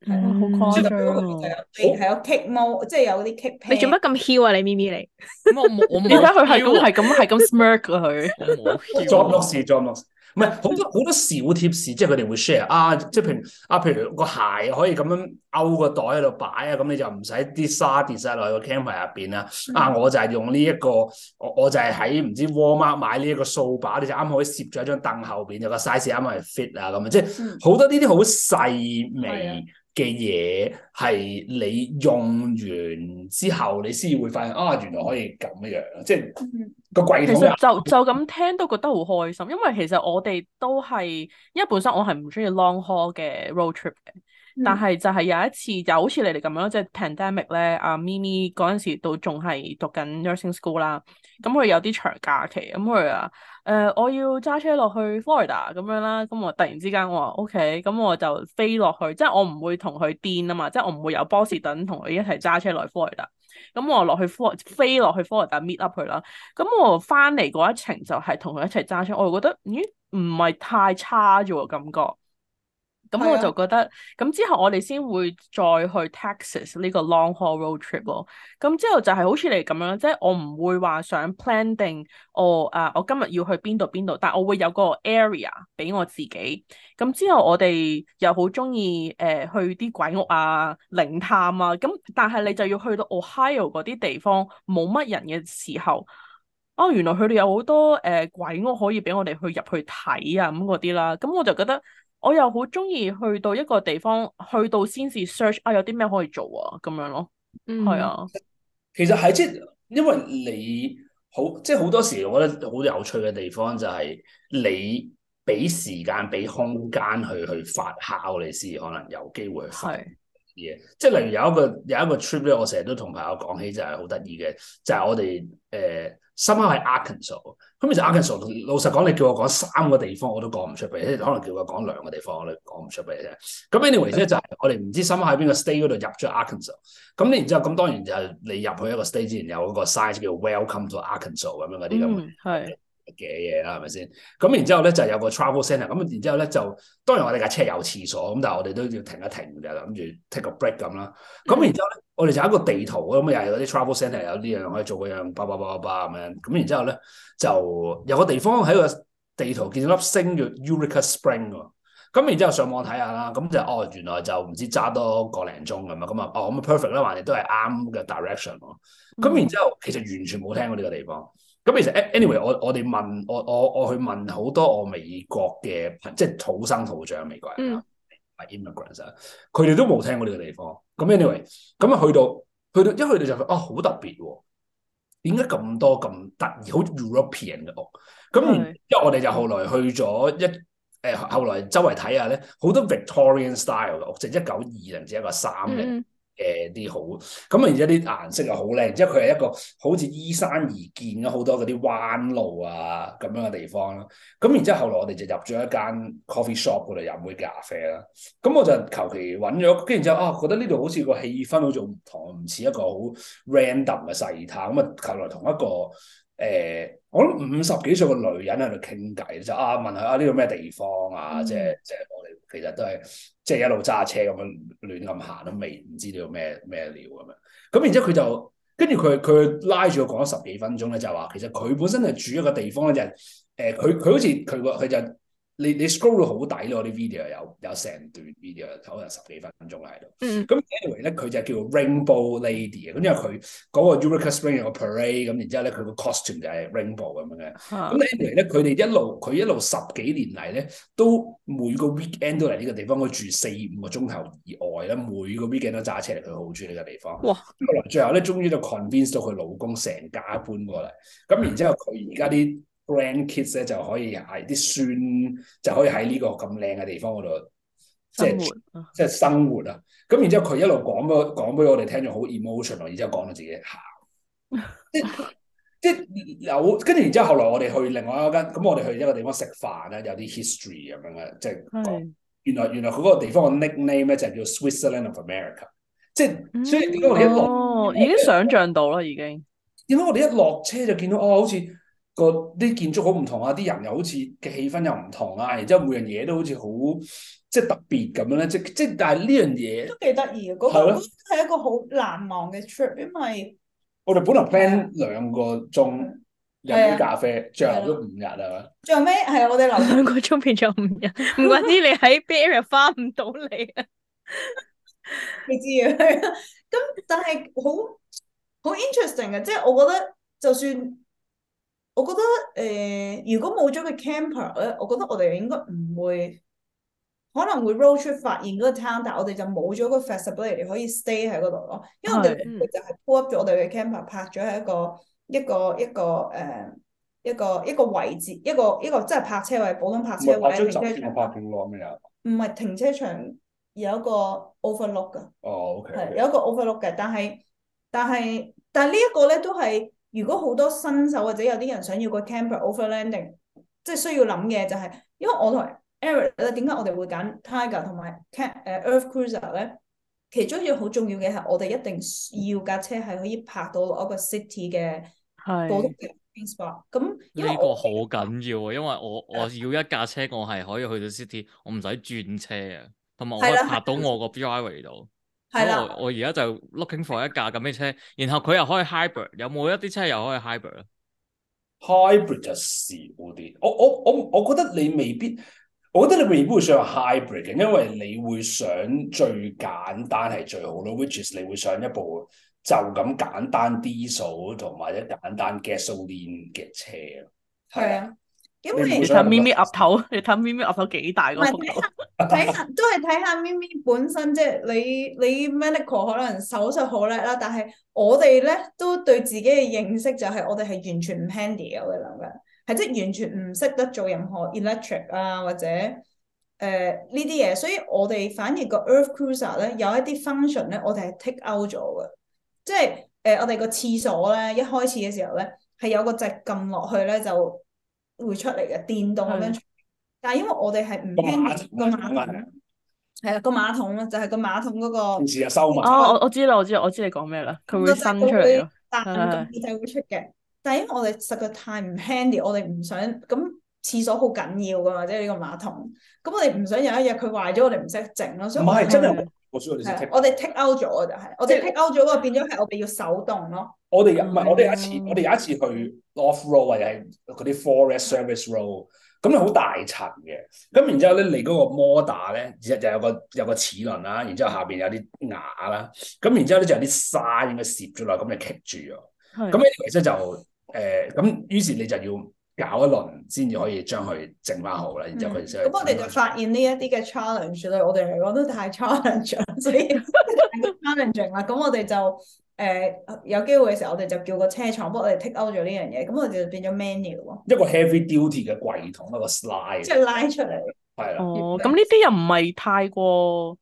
係啊、嗯，好誇張啊！你係有 keep mode 即係有啲 keep。你做乜咁囂啊？你咪咪嚟？咁、嗯、我冇。我你睇佢係咁係咁係咁 smirk 佢去。冇囂、啊 *laughs* 我。捉殼唔係好多好多小貼士，即係佢哋會 share 啊！即係譬如啊，譬如個鞋可以咁樣勾個袋喺度擺啊，咁你就唔使啲沙跌曬落個 camper 入邊啦。啊，我就係用呢、這、一個，我我就係喺唔知 Walmart 買呢一個掃把，你就啱可以攝咗喺張凳後邊，有個 size 啱埋 fit 啊咁啊！即係好多呢啲好細微。 *laughs* 嗯嗯嗯嘅嘢係你用完之後，你先會發現啊，原來可以咁樣，即係個櫃桶。其實就就咁聽都覺得好開心，因為其實我哋都係，因為本身我係唔中意 long haul 嘅 road trip 嘅。但係就係有一次，就好似你哋咁樣，即係 pandemic 咧。阿咪咪嗰陣時都仲係讀緊 nursing school 啦，咁佢有啲長假期，咁佢啊，誒、呃，我要揸車落去 Florida 咁樣啦，咁我突然之間我話 OK，咁我就飛落去，即係我唔會同佢癲啊嘛，即係我唔會有 b o 波士頓同佢一齊揸車落去 Florida，咁我落去 Fly 飛落去 Florida meet up 佢啦，咁我翻嚟嗰一程就係同佢一齊揸車，我又覺得咦，唔係太差啫喎，感覺。咁我就覺得，咁、啊、之後我哋先會再去 Texas 呢個 long haul road trip 咯。咁之後就係好似你咁樣即係、就是、我唔會話想 plan 定我、哦、啊，我今日要去邊度邊度，但我會有個 area 俾我自己。咁之後我哋又好鍾意誒去啲鬼屋啊、靈探啊，咁但係你就要去到 Ohio 嗰啲地方冇乜人嘅時候。哦，原來佢哋有好多誒、呃、鬼屋可以俾我哋去入去睇啊咁嗰啲啦，咁我就覺得我又好中意去到一個地方，去到先至 search 啊，有啲咩可以做啊咁樣咯。嗯，係啊，其實係即係因為你好，即係好多時我覺得好有趣嘅地方就係你俾時間俾空間去去發酵，你先可能有機會係啲嘢。是即係例如有一個有一個 trip 咧，我成日都同朋友講起就係好得意嘅，就係、是、我哋誒。呃深海係 Arkansas，咁其實 Arkansas 老實講，你叫我講三個地方我都講唔出俾，即係可能叫我講兩個地方我都講唔出俾你啫。咁 anyway 咧就係我哋唔知深海喺邊個 state 嗰度入咗 Arkansas，咁你然之後咁當然就係你入去一個 state 之前有嗰個 sign 叫 Welcome to Arkansas 咁樣嗰啲咁。嗯，嘅嘢啦，係咪先？咁然之後咧就有個 travel centre，咁然之後咧就當然我哋架車有廁所，咁但係我哋都要停一停就諗住 take a break 咁啦。咁、嗯、然之後咧，我哋就有一個地圖咁又係嗰啲 travel centre 有呢樣可以做嗰樣，叭叭叭叭叭咁樣。咁然之後咧就有個地方喺個地圖見到粒星叫 Eureka Spring 喎。咁然之後上網睇下啦，咁就哦原來就唔知揸多個零鐘咁嘛。咁啊哦咁 perfect 啦，橫掂都係啱嘅 direction 喎。咁然之後其實完全冇聽過呢個地方。咁其實 anyway 我我哋問我我我去問好多我美國嘅即係土生土長美國人啊、嗯、，immigrants 啊，佢哋都冇聽過呢個地方。咁 anyway，咁啊去到去到一去到就，哦，好特別喎，哦，點解咁多咁得意，好 European 嘅屋？咁因為我哋就後來去咗一誒，呃，後來周圍睇下咧，好多 Victorian style 嘅屋，即係一九二零至一個三嘅。誒啲、呃、好，咁啊，而家啲顏色啊好靚，然之後佢係一個好似依山而建咗好多嗰啲彎路啊咁樣嘅地方咯。咁然之後，後來我哋就入咗一間 coffee shop 嗰度飲杯咖啡啦。咁我就求其揾咗，跟住然之後啊，覺得呢度好似個氣氛好似唔同，唔似一個好 random 嘅細攤。咁啊，後來同一個誒。呃我諗五十幾歲嘅女人喺度傾偈，就問啊問佢啊呢個咩地方啊？嗯、即係即係我哋其實都係即係一路揸車咁樣亂咁行，都未唔知呢度咩咩料咁樣。咁然之後佢就跟住佢佢拉住我講咗十幾分鐘咧，就話其實佢本身係住一個地方咧，就誒佢佢好似佢個佢就。你你 scroll 到好抵咯啲 video 有有成段 video 可能十幾分鐘喺度。咁 Anyway 咧，佢就叫做 Rainbow Lady 嘅、嗯，咁因為佢嗰個 Eureka Spring 有個 parade，咁然之後咧佢個 costume 就係 rainbow 咁樣嘅。咁 Anyway 咧，佢哋一路佢一路十幾年嚟咧，都每個 weekend 都嚟呢個地方，佢住四五個鐘頭以外啦。每個 weekend 都揸車嚟佢好住呢個地方。哇！咁後來最後咧，終於就 convince 到佢老公成家搬過嚟。咁然之後佢而家啲。Grandkids 咧就可以喺啲孫就可以喺呢個咁靚嘅地方嗰度，即係即係生活啊！咁然之後佢一路講咗講俾我哋聽，仲好 emotion 啊！然之後講到自己喊，即即有跟住，然之後後來我哋去另外一間，咁我哋去一個地方食飯咧，有啲 history 咁樣嘅，即係，是原來原來佢嗰個地方嘅 nickname 咧就係叫 Switzerland of America，即係嗯、所以點解我哋一落哇已經想象到啦，已經點解我哋一落車就見到哦，好似～個啲建築好唔同啊，啲人又好似嘅氣氛又唔同啊，然之後每樣嘢都好似好即係特別咁樣咧，即即係但係呢樣嘢都幾得意嘅，嗰、嗰個係一個好難忘嘅 trip，因為我哋本來 plan 兩的個鐘飲咖啡，的最後都五日啊。最後尾係我哋留兩個鐘變咗五日，唔怪之 *laughs* 你喺 Burberry 翻唔到嚟啊，你知啊，咁但係好好 interesting 啊。即係、即係、我覺得就算。我覺得誒、呃，如果冇咗個 camper 咧，我覺得我哋應該唔會可能會 road trip 發現嗰個 town，但係我哋就冇咗個 facility 可以 stay 喺嗰度咯。因為我哋就係 pull up 咗我哋嘅 camper 拍咗喺一個一個一個誒、呃、一個一個，一個位置，一個一個即係泊車位，普通泊車位。張集片我拍幾耐咩啊？唔係停車場有一個 overlook 噶。哦 o、okay. 係有一個 overlook 嘅，但係但係但係呢一個咧都係。如果好多新手或者有啲人想要個 camper overlanding，即係需要諗嘅就係、是，因為我同 Eric 咧，點解我哋會揀 Tiger 同埋 c Earth Cruiser 咧？其中一樣好重要嘅係，我哋一定要架車係可以泊到落一個 city 嘅普通嘅 inspar。咁呢個好緊要啊！因為我要因為我，我要一架車，我係可以去到 city，我唔使轉車啊，同埋我可以泊到我個 driveway 度。咁我而家就 looking for 一架咁嘅車，然後佢又可以 hybrid，有冇一啲車又可以 hybrid 咧？Hybrid 就少啲，我我我我覺得你未必，我覺得你未必會上 hybrid 嘅，因為你會上最簡單係最好咯，which is 你會上一部就咁簡單 diesel 同埋者簡單 gasoline 嘅車咯。係啊，咁、嗯、你睇咪咪額頭，你睇咪咪額頭幾大個 *laughs* 睇下 *laughs* 都係睇下咪咪，本身即係你你 medical 可能手術好叻啦，但係我哋咧都對自己嘅認識就係我哋係完全唔 handy 嘅，我哋兩個係即係完全唔識得做任何 electric 啊或者誒呢啲嘢，所以我哋反而個 earth cruiser 咧有一啲 function 咧，我哋係 take out 咗嘅，即係誒、呃、我哋個廁所咧一開始嘅時候咧係有個掣撳落去咧就會出嚟嘅電動咁樣。但係因為我哋係唔輕個馬桶係啊個馬桶咯，就係、是、個馬桶嗰、那個。時就收我我知啦，我知啦，我知，我知你講咩啦。佢會伸出啊的，但係會出嘅。但係因為我哋實在太唔 handy，我哋唔想咁廁所好緊要噶嘛，即係呢個馬桶。咁我哋唔想有一日佢壞咗，我哋唔識整咯。唔係真係我書我哋識 take。我哋 take out 咗就係，我哋 take out 咗，就變咗係我哋要手動咯的。我哋唔係我哋有一次，我哋有一次去 off road 或者係嗰啲 forest service road。咁你好大層嘅，咁然之後咧，你嗰個摩打咧，就就有個有個齒輪啦，然之後下邊有啲牙啦，咁然之後咧就有啲沙應該攝咗落，咁你 keep 住咗。咁呢啲其實就誒，咁於是你就要搞一輪先至可以將佢整翻好啦。的然之後咁，嗯、我哋就發現呢一啲嘅 challenge 咧，對我哋嚟講都太 challenge，所以 challenge 啦。咁 *laughs* 我哋就。誒、呃、有機會嘅時候，我哋就叫個車廠幫我哋 take out 咗呢樣嘢，咁我哋就變咗 menu 咯。一個 heavy duty 嘅櫃桶一個 slide，即係拉出嚟。係啦了。哦，咁呢啲又唔係太過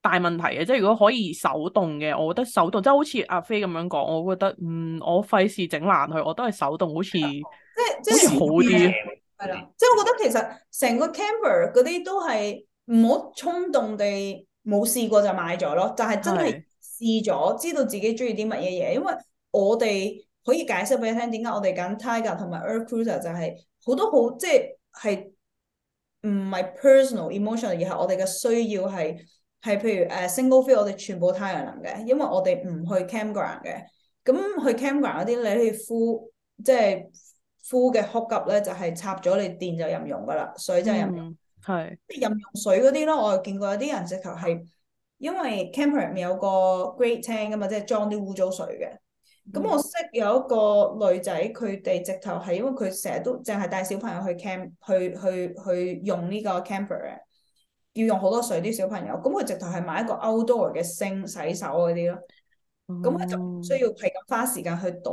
大問題嘅，即係如果可以手動嘅，我覺得手動即係、就是、好似阿飛咁樣講，我覺得嗯，我費事整爛佢，我都係手動，好似即係即係好啲。係啦、嗯，即係我覺得其實成個 camper 嗰啲都係唔好衝動地冇試過就買咗咯，就係真係的。試咗知道自己中意啲乜嘢嘢，因為我哋可以解釋俾你聽點解我哋揀 Tiger 同埋 Earth Cruiser 就係、是、好多好即係係唔係 personal emotional 而係我哋嘅需要係係譬如誒 single fill 我哋全部太陽能嘅，因為我哋唔去 campground 嘅，咁去 campground 嗰啲你去 full 即係 full 嘅 hook up 咧就係插咗你電就任用噶啦，水就任用係即係任用水嗰啲咯，我有見過有啲人直頭係。因為 camper 入面有個 grey tank 噶嘛，即係裝啲污糟水嘅。咁我識有一個女仔，佢哋直頭係因為佢成日都淨係帶小朋友去 camp 去去去用呢個 camper 嘅，要用好多水啲小朋友。咁佢直頭係買一個 outdoor 嘅星洗手嗰啲咯。咁佢、mm hmm. 就唔需要係咁花時間去倒。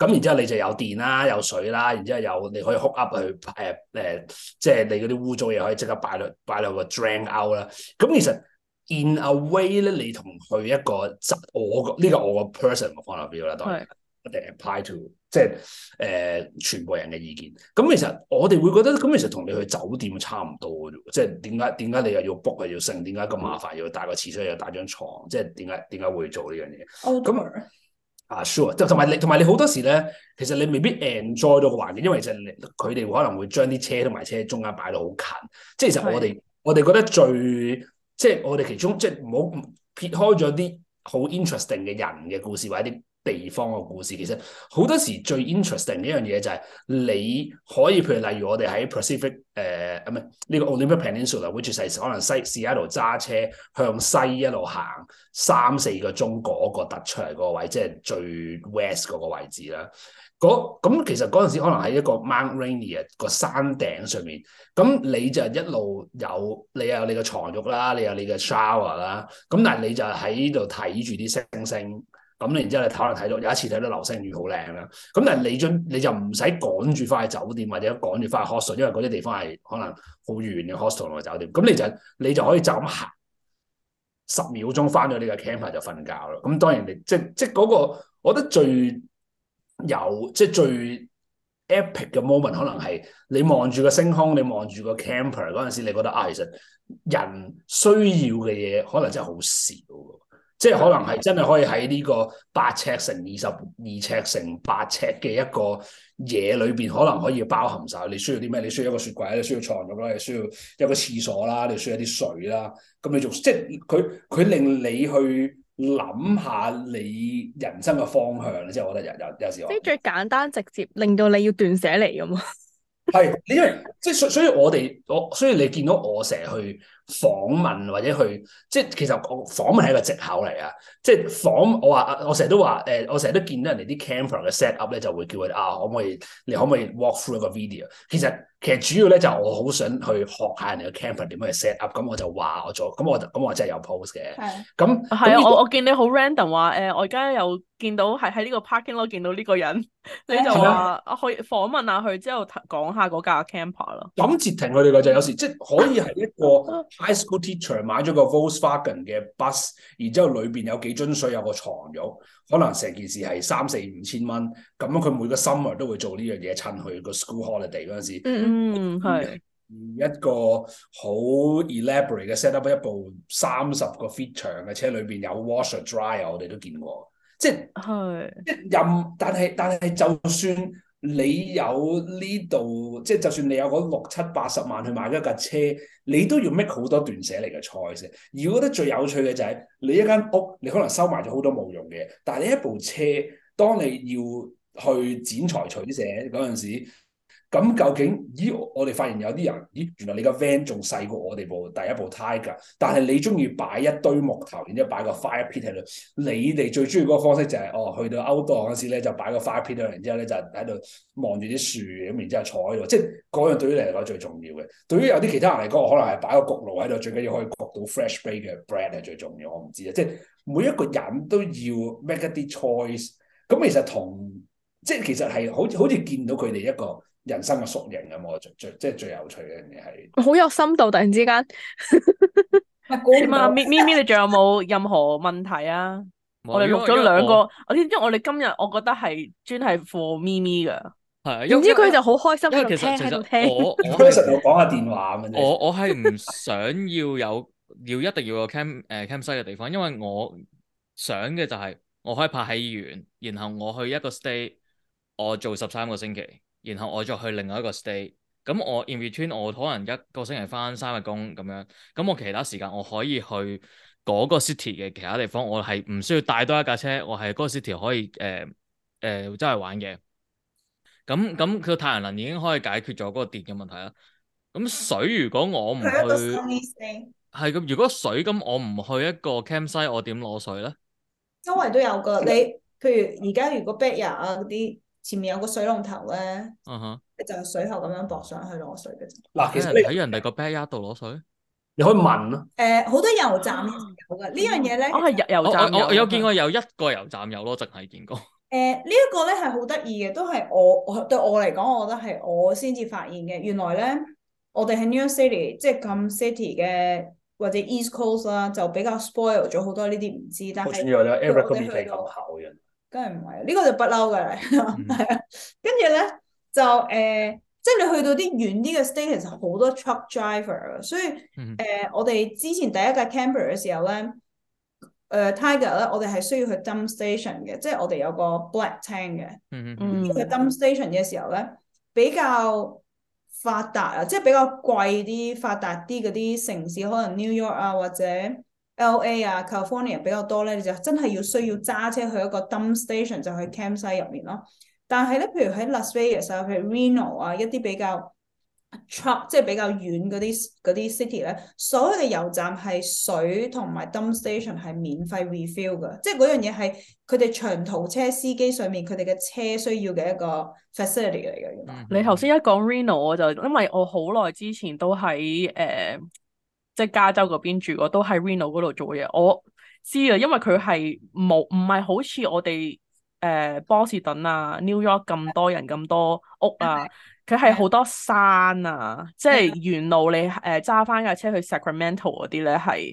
咁然之後你就有電啦，有水啦，然之後有你可以 hook up 去誒誒、呃呃，即係你嗰啲污糟嘢可以即刻擺落擺落個 drain out 啦。咁、嗯、其實 in a way 咧，你同佢一個我個呢、這個我個 person 嘅 point of view 啦，我哋 apply to 即係誒、呃、全部人嘅意見。咁其實我哋會覺得，咁其實同你去酒店差唔多嘅啫。即係點解點解你又要 book 又、嗯、要剩？點解咁麻煩要帶個廁所又帶張床，即係點解點解會做呢樣嘢？咁 Elder.。啊、uh，sure！就同埋你，同埋你好多時咧，其實你未必 enjoy 到個環境，因為就係佢哋可能會將啲車同埋車中間擺到好近。即係其實我哋，是的 我哋覺得最，即係我哋其中，即唔好撇開咗啲好 interesting 嘅人嘅故事或者啲地方嘅故事，其實好多時最 interesting 呢樣嘢就係你可以譬如，例如我哋喺 Pacific 誒、uh, 唔係 I mean, 呢個 Olympic Peninsula，which 細可能西試喺度揸車向西一路行三四個鐘嗰個突出嚟個位，即係最 west 嗰個位置啦。咁其實嗰陣時可能喺一個 Mount Rainier 個山頂上面，咁你就一路有你有你個床褥啦，你有你嘅 shower 啦，咁但係你就喺度睇住啲星星。咁咧，然之後你可能睇到有一次睇到流星雨好靚啦。咁但係你你就唔使趕住翻去酒店或者趕住翻去 hostel，因為嗰啲地方係可能好遠嘅 hostel 同酒店。咁你就你就可以就咁行十秒鐘翻到你嘅 camper 就瞓覺咯。咁當然你，即即嗰個我覺得最有即最 epic 嘅 moment 可能係你望住個星空，你望住個 camper 嗰時，你覺得啊，其實人需要嘅嘢可能真係好少。即係可能係真係可以喺呢個八尺乘二十二尺乘八尺嘅一個嘢裏邊，可能可以包含晒。你需要啲咩？你需要一個雪櫃，你需要床褥啦，你需要有個廁所啦，你需要一啲水啦。咁你仲即係佢佢令你去諗下你人生嘅方向。即係我覺得有有有時我即係最簡單直接，令到你要斷捨離咁啊！係， *laughs* 因為即係所所以，所以我哋我所以你見到我成日去。訪問或者去，即係其實訪問係一個藉口嚟啊！即係訪我話，我成日都話，誒，我成日都，欸，都見到人哋啲 camper 嘅 set up 咧，就會叫佢啊，可唔可以，你可唔可以 walk through 一個 video？其實其實主要咧就我好想去學下人哋嘅 camper 點樣去 set up，咁我就話我做，咁我咁我真係有 post 嘅的。係。咁係啊！我我見你好 random 話誒，我而家又見到係喺呢個 parking 咯，見到呢個人，你就話去的可以訪問下佢，之後講下嗰架 camper 咯。咁截停佢哋嘅就有時即係可以係一個。 *laughs* High school teacher 買咗個 Volkswagen 嘅 bus，然之後裏邊有幾樽水，有個床褥，可能成件事係三四五千蚊。咁樣佢每個 summer 都會做呢樣嘢，趁佢個 school holiday 嗰陣時。嗯嗯，係一個好 elaborate 嘅 set up，一部三十個 feet 長嘅車，裏邊有 washer dryer，我哋都見過。即係即是任，但係但係就算。你有呢度，即係就算你有嗰六七八十萬去買咗一架車，你都要 make 好多斷捨離嘅菜式。而我覺得最有趣嘅就係、是、你一間屋，你可能收埋咗好多冇用嘅嘢，但係你一部車，當你要去剪裁取捨嗰陣時。咁究竟咦？我哋發現有啲人咦，原來你個 van 仲細過我哋部第一部 tiger。但係你中意擺一堆木頭，然之後擺個 fire pit 喺度。你哋最中意嗰個方式就係、是、哦，去到歐多嗰時咧，就擺個 fire pit 喺度，然之後咧就喺度望住啲樹咁，然之後坐喺度。即係嗰樣對於你嚟講最重要嘅。對於有啲其他人嚟講，可能係擺個焗爐喺度，最緊要可以焗到 fresh bake 嘅 bread 係最重要。我唔知啊，即係每一個人都要 make 一啲 choice。咁其實同即係其實係好似好似見到佢哋一個。人生嘅縮影有冇？最即係最有趣嘅嘢係好有深度。突然之間，阿咕啊咪咪咪，你仲有冇任何問題啊？我哋錄咗兩個，因為我哋今日我覺得係專係 for 咪咪嘅，唔知佢就好開心。因為其實其實我我其實我講下電話咁。我我係唔想要有要一定要有 cam 誒 campsite 嘅地方，因為我想嘅就係我可以拍喺醫院，然後我去一個 state，我做十三個星期。然後我再去另外一個 state，咁我 in between 我可能一個星期翻三日工咁樣，咁我其他時間我可以去嗰個 city 嘅其他地方，我係唔需要帶多一架車，我係嗰個 city 可以誒誒、呃呃、周圍玩嘅。咁咁佢太陽能已經可以解決咗嗰個電嘅問題啦。咁水如果我唔去，係咁。如果水咁我唔去一個 campsite，我點攞水咧？周圍都有噶，你譬如而家如果 bear 啊嗰啲。前面有個水龍頭咧，uh huh. 就係水喉咁樣駁上去攞水嘅啫。嗱，其實你喺人哋個 bear 度攞水，你可以問咯、啊。誒、呃，好多油站有噶 *laughs* 呢樣嘢咧。我係油站，我有見過有一個油站有咯，淨係見過。誒、呃，呢、這、一個咧係好得意嘅，都係我對我嚟講，我覺得係我先至發現嘅。原來咧，我哋喺 New York City，即係咁 city 嘅或者 East Coast 啦，就比較 spoiled 咗好多呢啲唔知。得。好重 e 咁考人。 *music* 梗係唔係？呢、這個就不嬲㗎啦，係 *laughs* 啊。跟住咧就誒、呃，即係你去到啲遠啲嘅 state，其實好多 truck driver。所以誒，呃、 *noise* 我哋之前第一屆 camper 嘅時候咧，誒、呃、Tiger 咧，我哋係需要去 dump station 嘅，即係我哋有個 black tank 嘅。嗯嗯嗯。要 *noise* dump station 嘅時候咧，比較發達啊，即係比較貴啲發達啲嗰啲城市，可能 New York 啊或者。L.A. 啊，California 比較多咧，你就真係要需要揸車去一個 dump station，就去 campsite 入面咯。但係咧，譬如喺 Las Vegas 啊、Reno 啊一啲比較 trough 即係比較遠嗰啲啲 city 咧，所有嘅油站係水同埋 dump station 係免費 refill 嘅，即係嗰樣嘢係佢哋長途車司機上面佢哋嘅車需要嘅一個 facility 嚟嘅。原來、嗯嗯嗯、你頭先一講 Reno，我就因為我好耐之前都喺誒。呃即係加州嗰邊住我都喺 Reno 嗰度做嘢，我知啊，因為佢係冇唔係好似我哋誒、呃、波士頓啊、New York 咁多人咁、嗯、多屋啊，佢係好多山啊，嗯、即係沿路你誒揸翻架車去 Sacramento 嗰啲咧係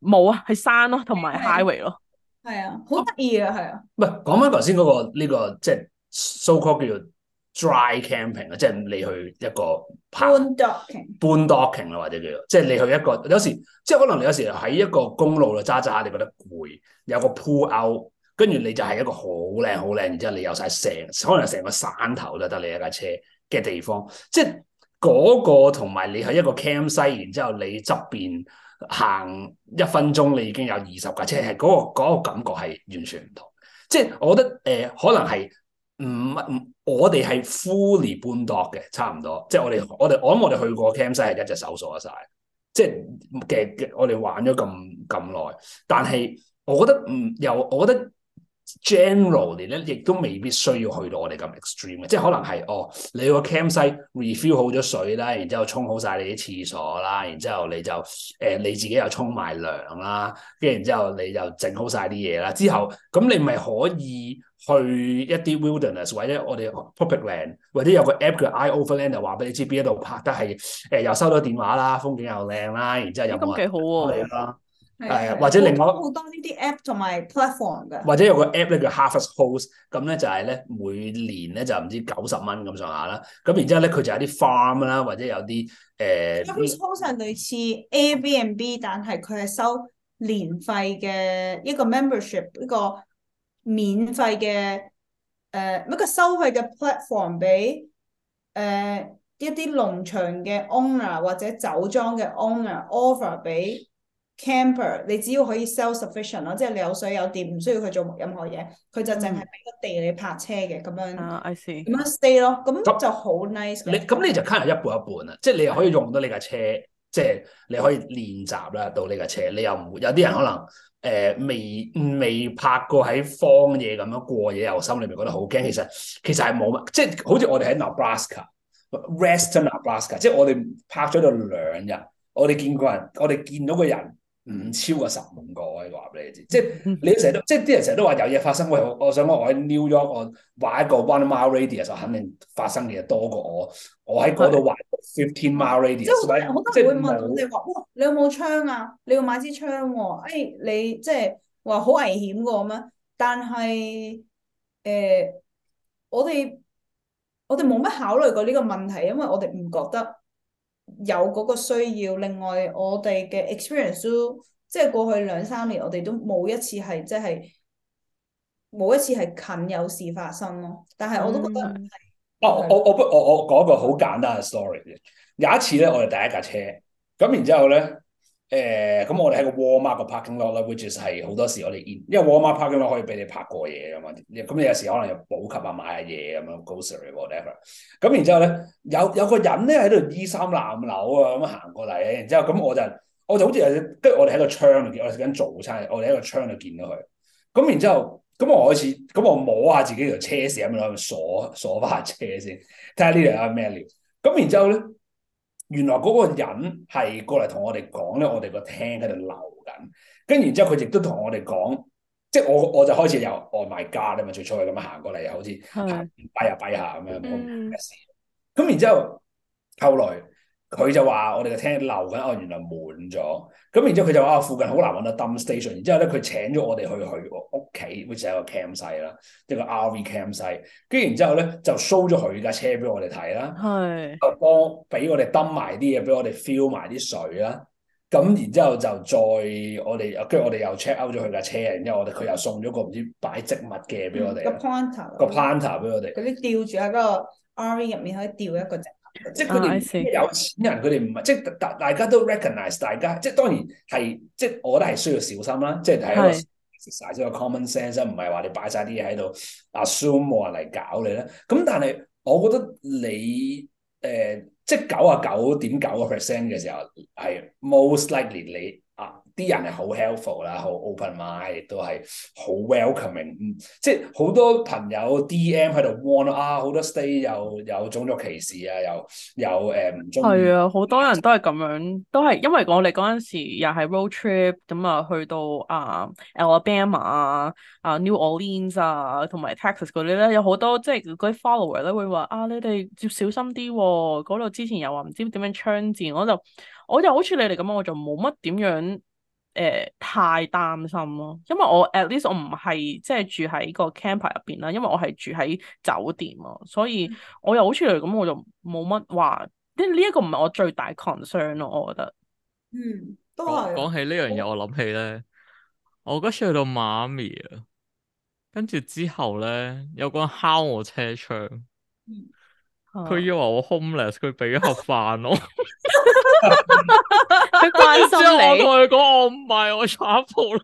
冇啊，係山咯，同埋 highway 咯，係啊，好得意啊，係啊、嗯，唔係講翻頭先嗰個呢、呢個即係 So called。Dry camping 啊，即係你去一個 Boondocking，Boondocking 啊，或者叫，即係你去一個有時，即係可能你有時喺一個公路度揸揸，渣渣你覺得攰，有個 pull out，跟住你就係一個好靚好靚，然之後你有晒成，可能成個山頭都得你一架車嘅地方，即係嗰個同埋你喺一個 campsite，然之後你側邊行一分鐘，你已經有二十架車，係嗰個嗰個感覺係完全唔同，即係我覺得誒，可能係。唔係唔，我哋係 fully bundle 嘅，差唔多，即係我哋我哋我諗我哋去過 Cam 西係一隻手數晒。即係嘅嘅，我哋玩咗咁咁耐，但係我覺得唔，又我覺得。嗯 Generally 咧，亦都未必需要去到我哋咁 extreme 嘅，即係可能係哦，你個 campsite refill 好咗水啦，然之後沖好晒你啲廁所啦，然之後你就誒、呃、你自己又沖埋涼啦，跟住然之後你就整好晒啲嘢啦，之後咁你咪可以去一啲 wilderness 或者我哋 public land，或者有個 app 嘅 Eye Overland 就話俾你知，邊一度拍得係誒、呃、又收到電話啦，風景又靚啦，然之後又咁幾好喎。係啊，或者另外好多呢啲 app 同埋 platform 嘅，或者有個 app 咧對 叫 Harvest Host 咁咧就係咧，每年咧就唔知九十蚊咁上下啦。咁然之後咧佢就有啲 farm 啦，或者有啲誒，Harvest Host 係類似 Airbnb 但係佢係收年費嘅一個 membership，一個免費嘅誒乜個收費嘅 platform 俾誒一啲農場嘅 owner 或者酒莊嘅 owner offer 俾。Camper，你只要可以 self-sufficient 咯，即係你有水有電，唔需要佢做任何嘢，佢就淨係畀個地你泊車嘅咁樣，咁、oh, I 樣 stay 咯，咁就好 nice。你咁你就 car 一半一半啊，的即係你又可以用到你架車，即係你可以練習啦到你架車。你又唔會有啲人可能誒、呃、未未泊過喺荒野咁樣過夜，又心裏面覺得好驚。其實其實係冇乜，即係好似我哋喺 Nebraska, Western Nebraska 即係我哋泊咗度兩日，我哋見過人，我哋見到個人。唔超過十五個，我話俾你知，即係你成日都，即係啲人成日都話有嘢發生。我我想講我喺 New York，我畫一個 one mile radius 就肯定發生嘅多過我，我喺嗰度畫 fifteen mile radius 的。即係好多人會問到你話，哦、你有冇槍啊？你要買支槍喎？誒，你即係話好危險咁咩？但係誒、呃，我哋我哋冇乜考慮過呢個問題，因為我哋唔覺得。有嗰個需要，另外我哋嘅 experience 都即係過去兩三年，我哋都冇一次係即係冇一次係近有事發生咯。但係我都覺得唔係，啊，我我不我我講一個好簡單嘅 story 嘅，有一次咧，我哋第一架車，咁然之後咧。誒咁，呃、我哋喺個 Walmart 個 parking lot 咧，which is 係好多時我哋 in，因為 Walmart parking lot 可以俾你泊過嘢嘅嘛。咁你有時可能又補給啊，買下嘢咁樣，grocery whatever。咁然之後咧，有有個人咧喺度衣衫襤褸啊，咁行過嚟。然之後咁我就我就好似跟住我哋喺個窗度見，我食緊早餐，我哋喺個窗度見到佢。咁然之後，咁我開始咁我摸下自己條車匙咁樣攞去鎖鎖翻下車先，睇下呢條有咩料。咁然之後咧。原來嗰個人係過嚟同我哋講咧，我哋個廳喺度流緊，然跟然之後佢亦都同我哋講，即係我我就開始有 oh my god 你咪最初咁樣行過嚟，好似行，拜下拜下咁樣冇咩事。咁然之後後來佢就話我哋個廳流緊，哦原來滿咗。咁然之後佢就話、啊、附近好難揾到 dump station，然之後咧佢請咗我哋去去。哦企，會成個 cam 細啦，即個 RV cam 細，跟住然之後咧就 show 咗佢架車俾我哋睇啦，就幫俾我哋登埋啲嘢，俾是我哋 fill 埋啲水啦，咁然之後就再我哋，跟住我哋又 check out 咗佢架車，然之後我哋佢又送咗個唔知擺植物嘅俾我哋，嗯這個 planter 個 planter 俾我哋，嗰啲吊住喺個 RV 入面可以吊一個植物，啊、即係佢哋有錢人，佢哋唔係即係大大家都 recognize 大家，即係當然係即係我覺得係需要小心啦，即係睇。是即個 common sense，唔係話你擺晒啲嘢喺度，assume 冇人嚟搞你啦。咁但係，我覺得你誒、呃，即係九啊九點九個 percent 嘅時候，係 most likely 你。啲人係好 helpful 啦，好 open mind，亦都係好 welcoming。即係好多朋友 DM 喺度 warn 啊，好多 state 有有種族歧視啊，又又誒唔中係啊，好、嗯、多人都係咁樣，都係因為我哋嗰陣時又係 road trip 咁啊，去到啊 Alabama 啊、啊 New Orleans 啊、同埋 Texas 嗰啲咧，有好多即係嗰啲 follower 咧會話啊，你哋要小心啲喎，啊，嗰度之前又話唔知點樣槍戰，我就我就好似你哋咁啊，我就冇乜點樣。誒、呃，太擔心咯，因為我 at least 我唔係即係住喺個 camp 入邊啦，因為我係住喺酒店咯，所以我又好似嚟咁，我就冇乜話，即係呢一個唔係我最大 concern 咯，我覺得，嗯，都係。講起,好起呢樣嘢，我諗起咧，我嗰次去到媽咪啊，跟住之後咧，有個人敲我車窗，佢、嗯啊、以為我 homeless，佢俾一盒飯我。 *laughs* *laughs* 佢關心你。之後我同佢講，我唔賣，我差鋪啦。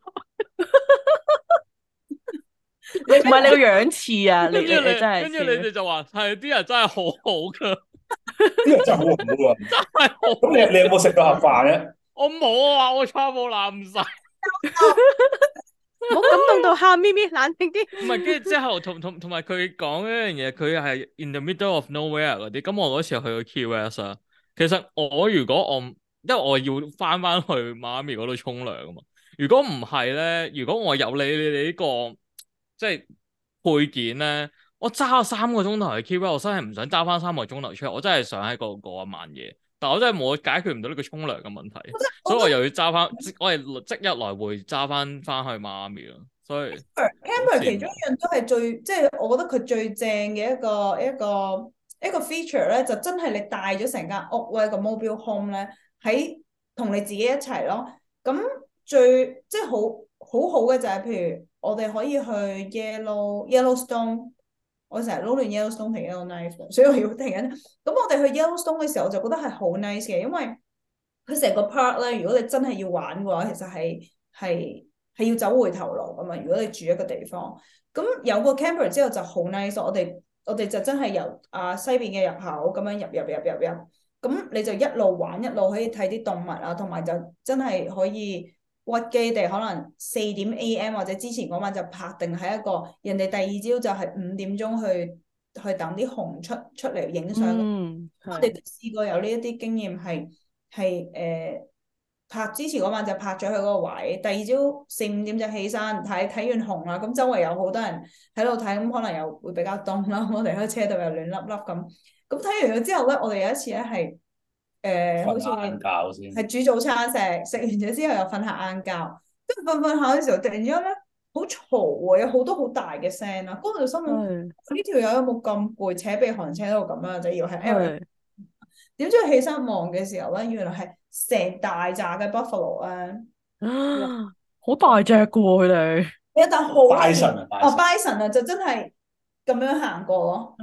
你唔係你個樣似啊？跟住你真係，跟住你哋就話係啲人真係好好噶，啲人真係好好啊。真係好。咁你你有冇食到盒飯啊？我冇啊，我差鋪爛晒。唔好感動到喊咪咪，冷靜啲。唔係，跟住之後同同同埋佢講一樣嘢，佢係 in the middle of nowhere 嗰啲。咁我嗰時候去個 Key West 啊。其實我如果我，因為我要翻翻去媽咪嗰度沖涼啊嘛。如果唔係咧，如果我有你你哋、這、呢個即係配件咧，我揸三個鐘頭去 keep 咧，我真係唔想揸翻三個鐘頭出嚟，我真係想喺嗰度過一晚夜。但係我真係冇解決唔到呢個沖涼嘅問題，所以我又要揸翻，我係即日來會回揸翻翻去媽咪咯。所以 camper amp 喘其中一樣都係最，即係我覺得佢最正嘅一個一個，一個一個 feature 咧，就真係你帶咗成間屋喎，一個 mobile home 咧，喺同你自己一齊咯。咁最即係好好好嘅就係，譬如我哋可以去 Yellow Yellowstone。我成日撈亂 Yellowstone 同 Yellowknife，所以我要停緊。咁我哋去 Yellowstone 嘅時候，我就覺得係好 nice 嘅，因為佢成個 park 咧，如果你真係要玩嘅話，其實係係係要走回頭路噶嘛。如果你住一個地方，咁有個 camper 之後就好 nice。我哋。我哋就真係由啊西邊嘅入口咁樣入入入入入，咁你就一路玩一路可以睇啲動物啊，同埋就真係可以屈機地可能四點 A.M 或者之前嗰晚就拍定喺一個人哋，第二朝就係五點鐘去去等啲熊出出嚟影相。嗯、我哋試過有呢一啲經驗係係誒。拍之前嗰晚就拍咗佢嗰個位，第二朝四五點就起身睇睇完熊啦，咁周圍有好多人喺度睇，咁可能又會比較凍啦。我哋喺車度又暖粒粒咁。咁睇完咗之後咧，我哋有一次咧係誒，好似瞓覺先，係煮早餐食，食完咗之後又瞓下晏覺。跟住瞓瞓下嘅時候，突然之間咧好嘈喎，有好多好大嘅聲啦。嗰個時候就心諗呢條友有冇咁攰，扯鼻鼾扯到咁樣就要係。.點知起身望嘅時候咧，原來係成大扎嘅 buffalo 啊！好大隻噶喎，佢哋一但好、哦。bison 啊，bison 啊，就真係咁樣行過咯。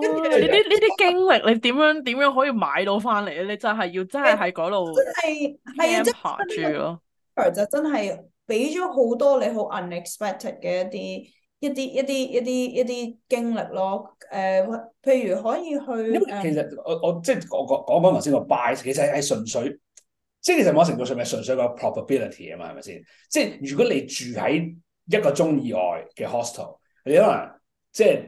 跟住、哎、後你呢呢啲經歷，你點樣點樣可以買到翻嚟咧？你真係要真係喺嗰度真係係啊，camp 住咯。着的就真係俾咗好多你好 unexpected 嘅一啲。一啲一啲一啲一啲經歷咯，誒、呃，譬如可以去。呃、其實我、嗯、我即係我講講翻頭先個 buy 其實係純粹，即係其實某程度上係純粹一個 probability 啊嘛，係咪先？即係如果你住喺一個鐘以外嘅 hostel，你可能即係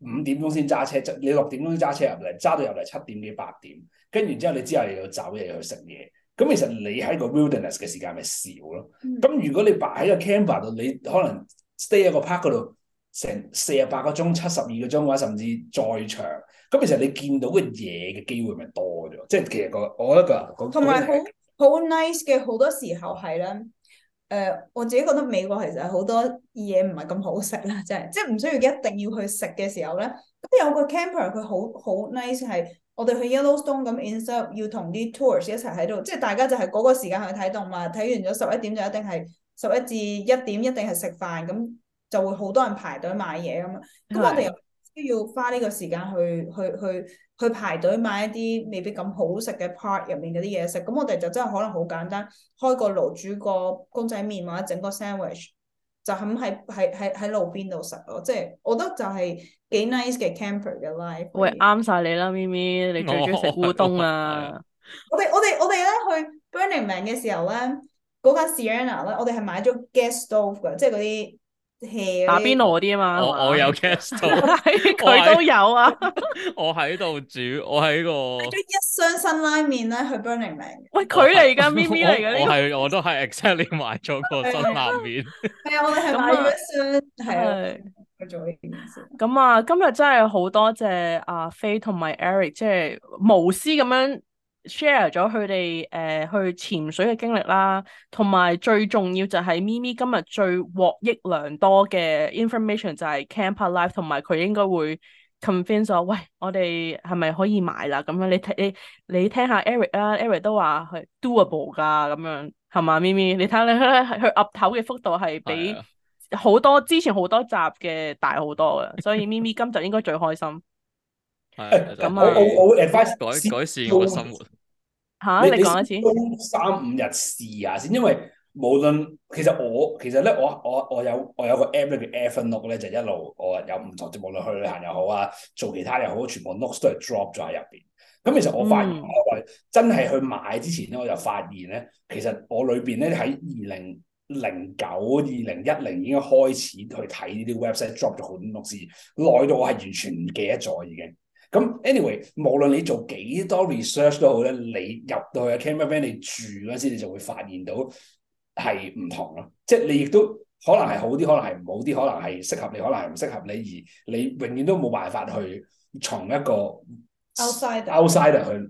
五點鐘先揸車，你六點鐘揸車入嚟，揸到入嚟七點幾八點，跟住然之後你之後又要走，又要去食嘢。咁其實你喺個 wilderness 嘅時間咪少咯。咁如果你擺喺個 camping 度，你可能 stay→ 喺個 park 嗰度成四十八個鐘、七十二個鐘嘅話，甚至再長，咁其實你見到嘅嘢嘅機會咪多咗？即係其實個我覺得同埋好好 nice 嘅好多時候係咧，誒、呃、我自己覺得美國其實有好多嘢唔係咁好食啦，即係即係唔需要一定要去食嘅時候咧，咁有個 camper 佢好好 nice 係，我哋去 Yellowstone 咁 insert 要同啲 tourist 一齊喺度，即係大家就係嗰個時間去睇動物，睇完咗十一點就一定係。十一至一點一定係食飯，咁就會好多人排隊買嘢咁啊。咁的我哋又需要花呢個時間去的去去去排隊買一啲未必咁好食嘅 part 入面嗰啲嘢食。咁我哋就真係可能好簡單，開個爐煮個公仔麵或者整個 sandwich，就咁喺喺喺喺路邊度食咯。即係我覺得就係幾 nice 嘅 camper 嘅 life。喂，啱晒你啦，咪咪，你最中意食烏冬啊！ *laughs* *laughs* 我哋我哋我哋咧去 Burning Man 嘅時候咧。嗰間 Sienna 咧，我哋係買咗 gas stove 噶，即係嗰啲器嗰啲。打邊爐啲啊嘛，我有 gas stove，佢都有啊，啊。我喺度煮，我喺個。一箱辛拉麵咧，去 Burning Man。喂，佢嚟㗎，咪咪嚟㗎。我係我都係 exactly 買咗個辛拉麵。係、就是、 *laughs* 啊，我哋係買咗一箱，係啊。做呢件事。咁啊，今日真係好多謝阿飛同埋 Eric，即係無私咁樣。share 咗佢哋誒去潛水嘅經歷啦，同埋最重要就係咪咪今日最獲益良多嘅 information 就係 camp life，同埋佢應該會 convince 我，喂，我哋係咪可以買啦？咁樣你睇你，你聽下 Eric 啊，Eric 都話係 doable 㗎，咁樣係嘛？咪咪，你睇你，佢岌頭嘅幅度係比好多的之前好多集嘅大好多嘅，所以咪咪今集應該最開心。係咁 *laughs* 的啊！我會、哦哦哦、改改善我嘅生活。吓、啊，你講多次，三五日試下先。因為無論，其實我，其實咧，我我我有我有個 app 咧，叫 AirNote 咧，就一路我有唔同，無論去旅行又好啊，做其他又好，全部 notes 都係 drop 咗喺入邊。咁其實我發現，嗯、我真係去買之前咧，我就發現咧，其實我裏邊咧喺二零零九、二零一零已經開始去睇呢啲 website drop 咗好多 notes，耐到我係完全唔記得咗已經。咁 anyway，無論你做幾多 research 都好咧，你入到去 campervan 你住嗰陣時，你就會發現到係唔同咯。即係你亦都可能係好啲，可能係唔好啲，可能係適合你，可能係唔適合你，而你永遠都冇辦法去從一個 outside outside 去。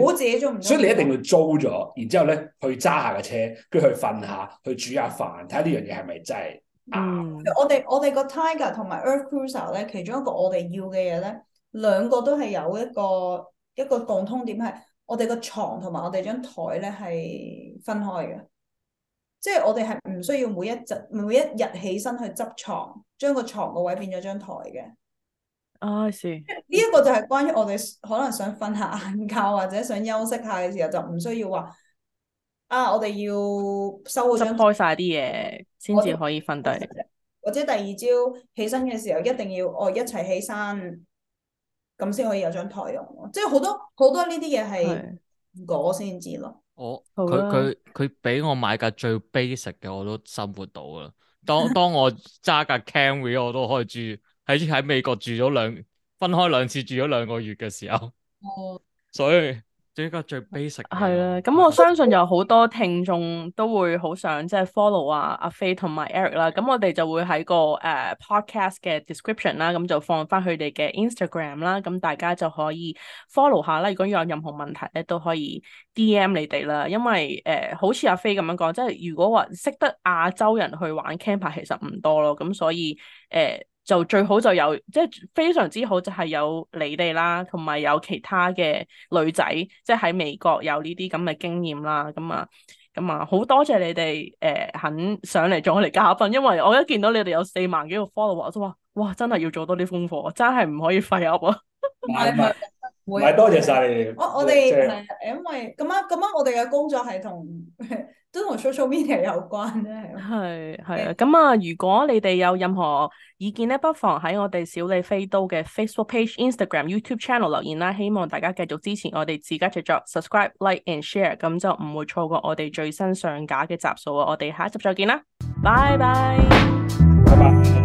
我以自己做唔到，所以你一定要租咗，然之後咧去揸下個車，跟住去瞓下，去煮下飯，睇下呢樣嘢係咪真係？嗯，嗯我哋我哋個 Tiger 同埋 Earth Cruiser 咧，其中一個我哋要嘅嘢咧。兩個都係有一個一個共通點係，我哋個床同埋我哋張台咧係分開嘅，即係我哋係唔需要每一陣每一日起身去執床，將個床個位變咗張台嘅。啊，係。呢一個就係關於我哋可能想瞓下晏覺或者想休息下嘅時候，就唔需要話啊，我哋要收嗰張開曬啲嘢，先至可以瞓低。或者第二朝起身嘅時候，一定要哦一齊起身。咁先可以有張台，用即係好多好多呢啲嘢係我先知咯。的我佢佢佢俾我買架最 basic 嘅我都生活到啦。當 *laughs* 當我揸架 Camry，我都可以住喺喺美國住咗兩分開兩次住咗兩個月嘅時候。哦。 *laughs* 所以。呢一個最 basic 係啦，咁我相信有好多聽眾都會好想即係 follow 啊阿飛同埋 Eric 啦，咁我哋就會喺個誒、uh, podcast 嘅 description 啦，咁就放翻佢哋嘅 Instagram 啦，咁大家就可以 follow 下啦。如果有任何問題咧，都可以 DM 你哋啦，因為誒、呃、好似阿飛咁樣講，即係如果話識得亞洲人去玩 camper，其實唔多咯，咁所以誒。呃就最好就有，即係非常之好，就係有你哋啦，同埋有其他嘅女仔，即係喺美國有呢啲咁嘅經驗啦，咁啊，咁啊，好多謝你哋誒、呃、肯上嚟做我哋嘉賓，因為我一見到你哋有四萬幾個 follower，我就話，哇，真係要做多啲功課，真係唔可以廢噏啊！ *laughs* 嗯嗯係，會多謝晒你哋。我我哋我因為咁樣咁樣，樣樣我哋嘅工作係同都同 social media 有關咧，係。係係。咁啊的，如果你哋有任何意見咧，不妨喺我哋小李飛刀嘅 Facebook page、Instagram、YouTube channel 留言啦。希望大家繼續支持我哋自家製作，subscribe、like and share，咁就唔會錯過我哋最新上架嘅集數啊！我哋下一集再見啦，bye bye 拜拜。拜拜